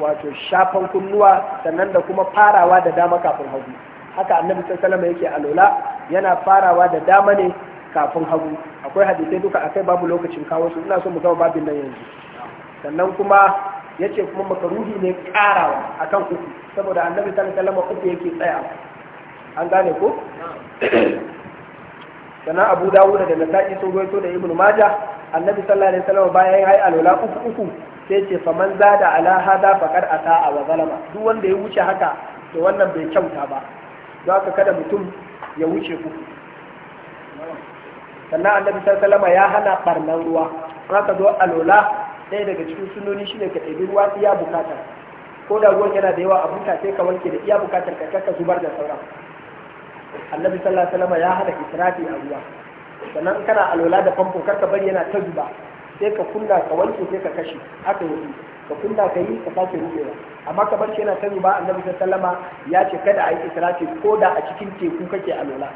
wato shafan kunnuwa sannan da kuma farawa da dama kafin hagu haka annabi sallallahu yake alola yana farawa da dama ne kafin hagu akwai hadisai duka akai babu lokacin kawo su ina so mu gama babin nan yanzu sannan kuma yace kuma makaruhi ne karawa akan uku saboda annabi sallallahu alaihi wasallam uku yake tsaya an gane ko sannan abu dawud da nasa'i sun goyo da ibnu majah annabi sallallahu alaihi wasallam bayan yayi alwala uku uku sai ce faman zada ala hada faqad ata'a wa zalama duk wanda ya wuce haka to wannan bai kyauta ba don haka kada mutum ya wuce ku? sannan annabi sallallahu alaihi wasallam ya hana barnan ruwa haka zo alola. ɗaya daga cikin sunoni shine ka ɗebi ruwa iya bukatar ko da ruwan yana da yawa a buta sai ka wanke da iya bukatar ka kakka zubar da sauran annabi sallallahu alaihi ya hada israfi a ruwa sannan kana alola da famfo karka bari yana ta zuba sai ka kunna ka wanke sai ka kashe haka yake ka kunna ka yi ka sake rubewa amma ka bar shi yana ta zuba annabi sallallahu ya ce kada a yi israfi ko da a cikin teku kake alola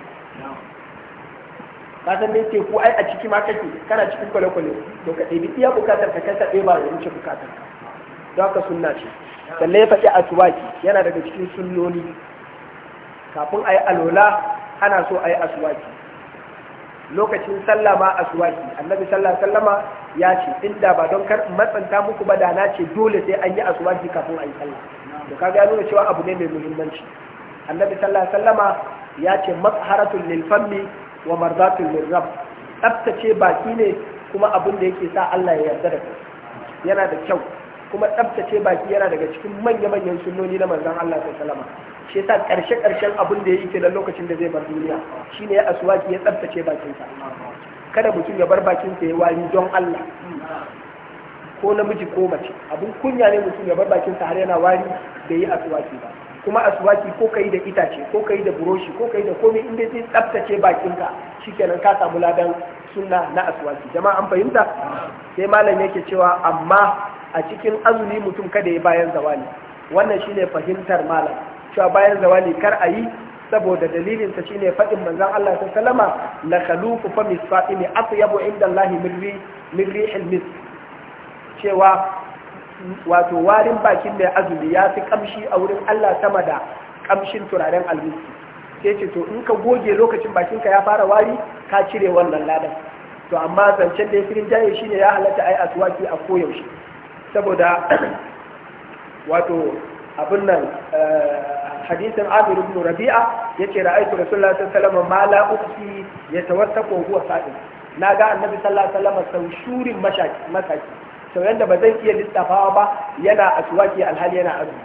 ka san me ce ai a ciki ma kake kana cikin kwale-kwale to ka ɗebi iya bukatar ka kai ka ba da wuce bukatar ka don haka sunna ce sannan ya faɗi a tuwaki yana daga cikin sunnoni kafin a yi alola ana so a yi asuwaki lokacin sallah ma asuwaki annabi sallah sallama ya ce inda ba don kar matsanta muku ba da na ce dole sai an yi asuwaki kafin a yi sallah to kaga ya nuna cewa abu ne mai muhimmanci annabi sallah sallama ya ce mazharatul lil fammi wa marzatul lirab tsaftace baki ne kuma abin da yake sa Allah ya yarda da kai yana da kyau kuma tsaftace baki yana daga cikin manya-manyan sunnoni na manzon Allah ta salama shi yasa karshe karshen abin da yake da lokacin da zai bar duniya shine ya aswaki ya bakin bakinsa kada mutum ya bar bakinsa ya wari don Allah ko namiji ko mace abin kunya ne mutum ya bar bakinsa har yana wari bai yi aswaki ba kuma aswaki ko kai da itace ko kai da buroshi ko kai da komai inda zai tsaftace bakinka shikenan ka samu ladan sunna na aswaki jama'a an fahimta sai malam yake cewa amma a cikin azumi mutum kada ya bayan zawali wannan shine fahimtar malam cewa bayan zawali kar a yi saboda dalilin sa shine fadin manzon Allah Sallallahu alaihi sallama la khalufu fa misfa'ini atyabu inda Allah min rihil mis cewa wato warin bakin da azumi ya fi kamshi a wurin Allah sama da kamshin turaren almiski sai ce to in ka goge lokacin bakinka ya fara wari ka cire wannan ladan to amma zancen da ya firin jaye ne ya halatta ai aswaki a koyaushe saboda [clears throat] wato abin nan eh, hadisin Amir ibn Rabi'a yace ra'aytu Rasulullah sallallahu alaihi wasallam ma la ya yatawassaqu huwa sa'id na ga annabi sallallahu alaihi wasallam sau shurin masaki sauran da ba zan iya lissafawa ba yana aswaki alhali yana azumi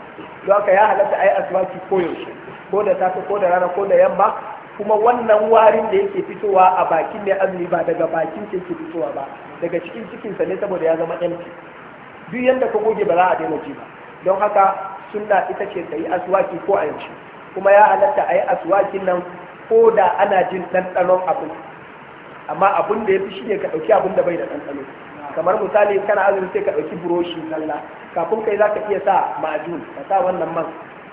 don haka ya halatta a yi aswaki koyaushe ko da safe ko da rana ko da yamma kuma wannan warin da yake fitowa a bakin ne azumi ba daga bakin ce yake fitowa ba daga cikin cikinsa ne saboda ya zama yanci duk yanda ka goge ba za a daina ji ba don haka sunna ita ce ka yi aswaki ko a yanci kuma ya halatta a yi aswakin nan ko da ana jin ɗanɗanon abin amma abin da ya fi shi ka ɗauki abin da bai da ɗanɗano kamar misali kana azumi sai ka ɗauki buroshi zalla kafin kai za ka iya sa majun ka sa wannan man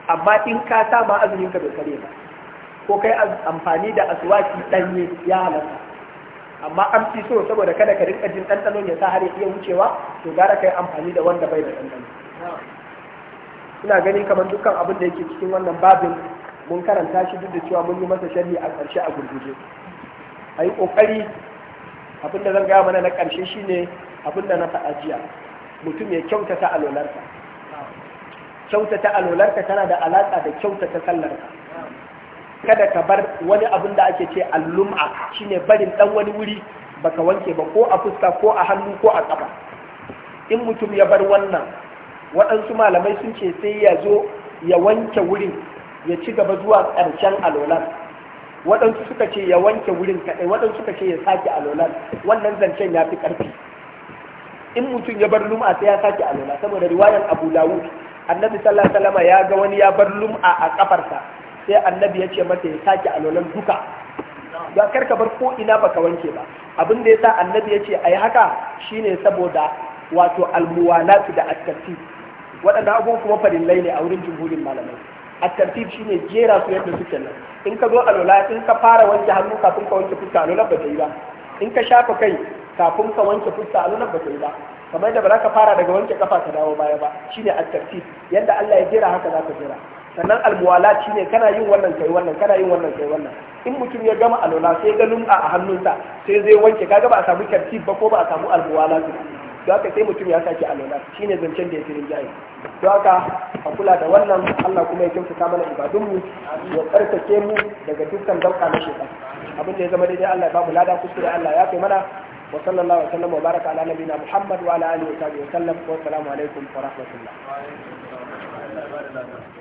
amma in ka sa ma azumin ka bai kare ba ko kai amfani da aswaki ɗanye ya halatta amma an fi so saboda kada ka rinka jin ɗanɗanon ya sa har ya iya wucewa to gara kai amfani da wanda bai da ɗanɗano ina gani kamar dukkan abin da yake cikin wannan babin mun karanta shi duk da cewa mun yi masa sharhi a ƙarshe a gurguje a yi ƙoƙari abin da zan gaya mana na ƙarshe shine abin da na faɗa jiya mutum ya kyautata alolarka kyautata alolarka tana da alaƙa da kyautata sallarka kada ka bar wani abin da ake ce allum'a shine barin ɗan wani wuri baka wanke ba ko a fuska ko a hannu ko a ƙafa in mutum ya bar wannan waɗansu malamai sun ce sai ya zo ya wanke wurin ya ci gaba zuwa ƙarshen alolarka waɗansu suka ce ya wanke wurin kaɗai waɗansu suka ce ya sake alola wannan zancen ya fi ƙarfi in mutum ya bar lum'a sai ya sake alola saboda riwayar abu dawud annabi sallallahu ya ga wani ya bar lum'a a ƙafarsa, sai annabi ya ce masa ya sake alolan duka don karka bar ko ina baka wanke ba abin da yasa annabi ya ce ayi haka shine saboda wato almuwanatu da attati waɗannan abubuwan kuma farillai ne a wurin jumhurin malamai a tartib shine jera su yadda suke nan in ka zo alwala in ka fara wanke hannu kafin ka wanke fuska alola ba ta yi ba in ka shafa kai kafin ka wanke fuska alola ba ta yi ba kamar da ba za ka fara daga wanke kafa ka dawo baya ba shine a tartib yadda Allah ya jera haka za ka jera sannan almuwala shine kana yin wannan kai wannan kana yin wannan kai wannan in mutum ya gama alwala sai ga lum'a a hannunsa sai zai wanke kaga ba a samu tartib ba ko ba a samu almuwala ba da haka sai mutum ya sake shi shine zancen da ya fi rinjaye don haka a kula da wannan Allah kuma ya kyautata mana ibadunmu ya tsarkake mu daga dukkan dauka na shekara abin da ya zama daidai Allah ya bamu lada kuskure Allah ya kai mana wa sallallahu alaihi sallam wa baraka ala nabiyina Muhammad wa ala alihi wa wa sallam wa alaikum wa rahmatullah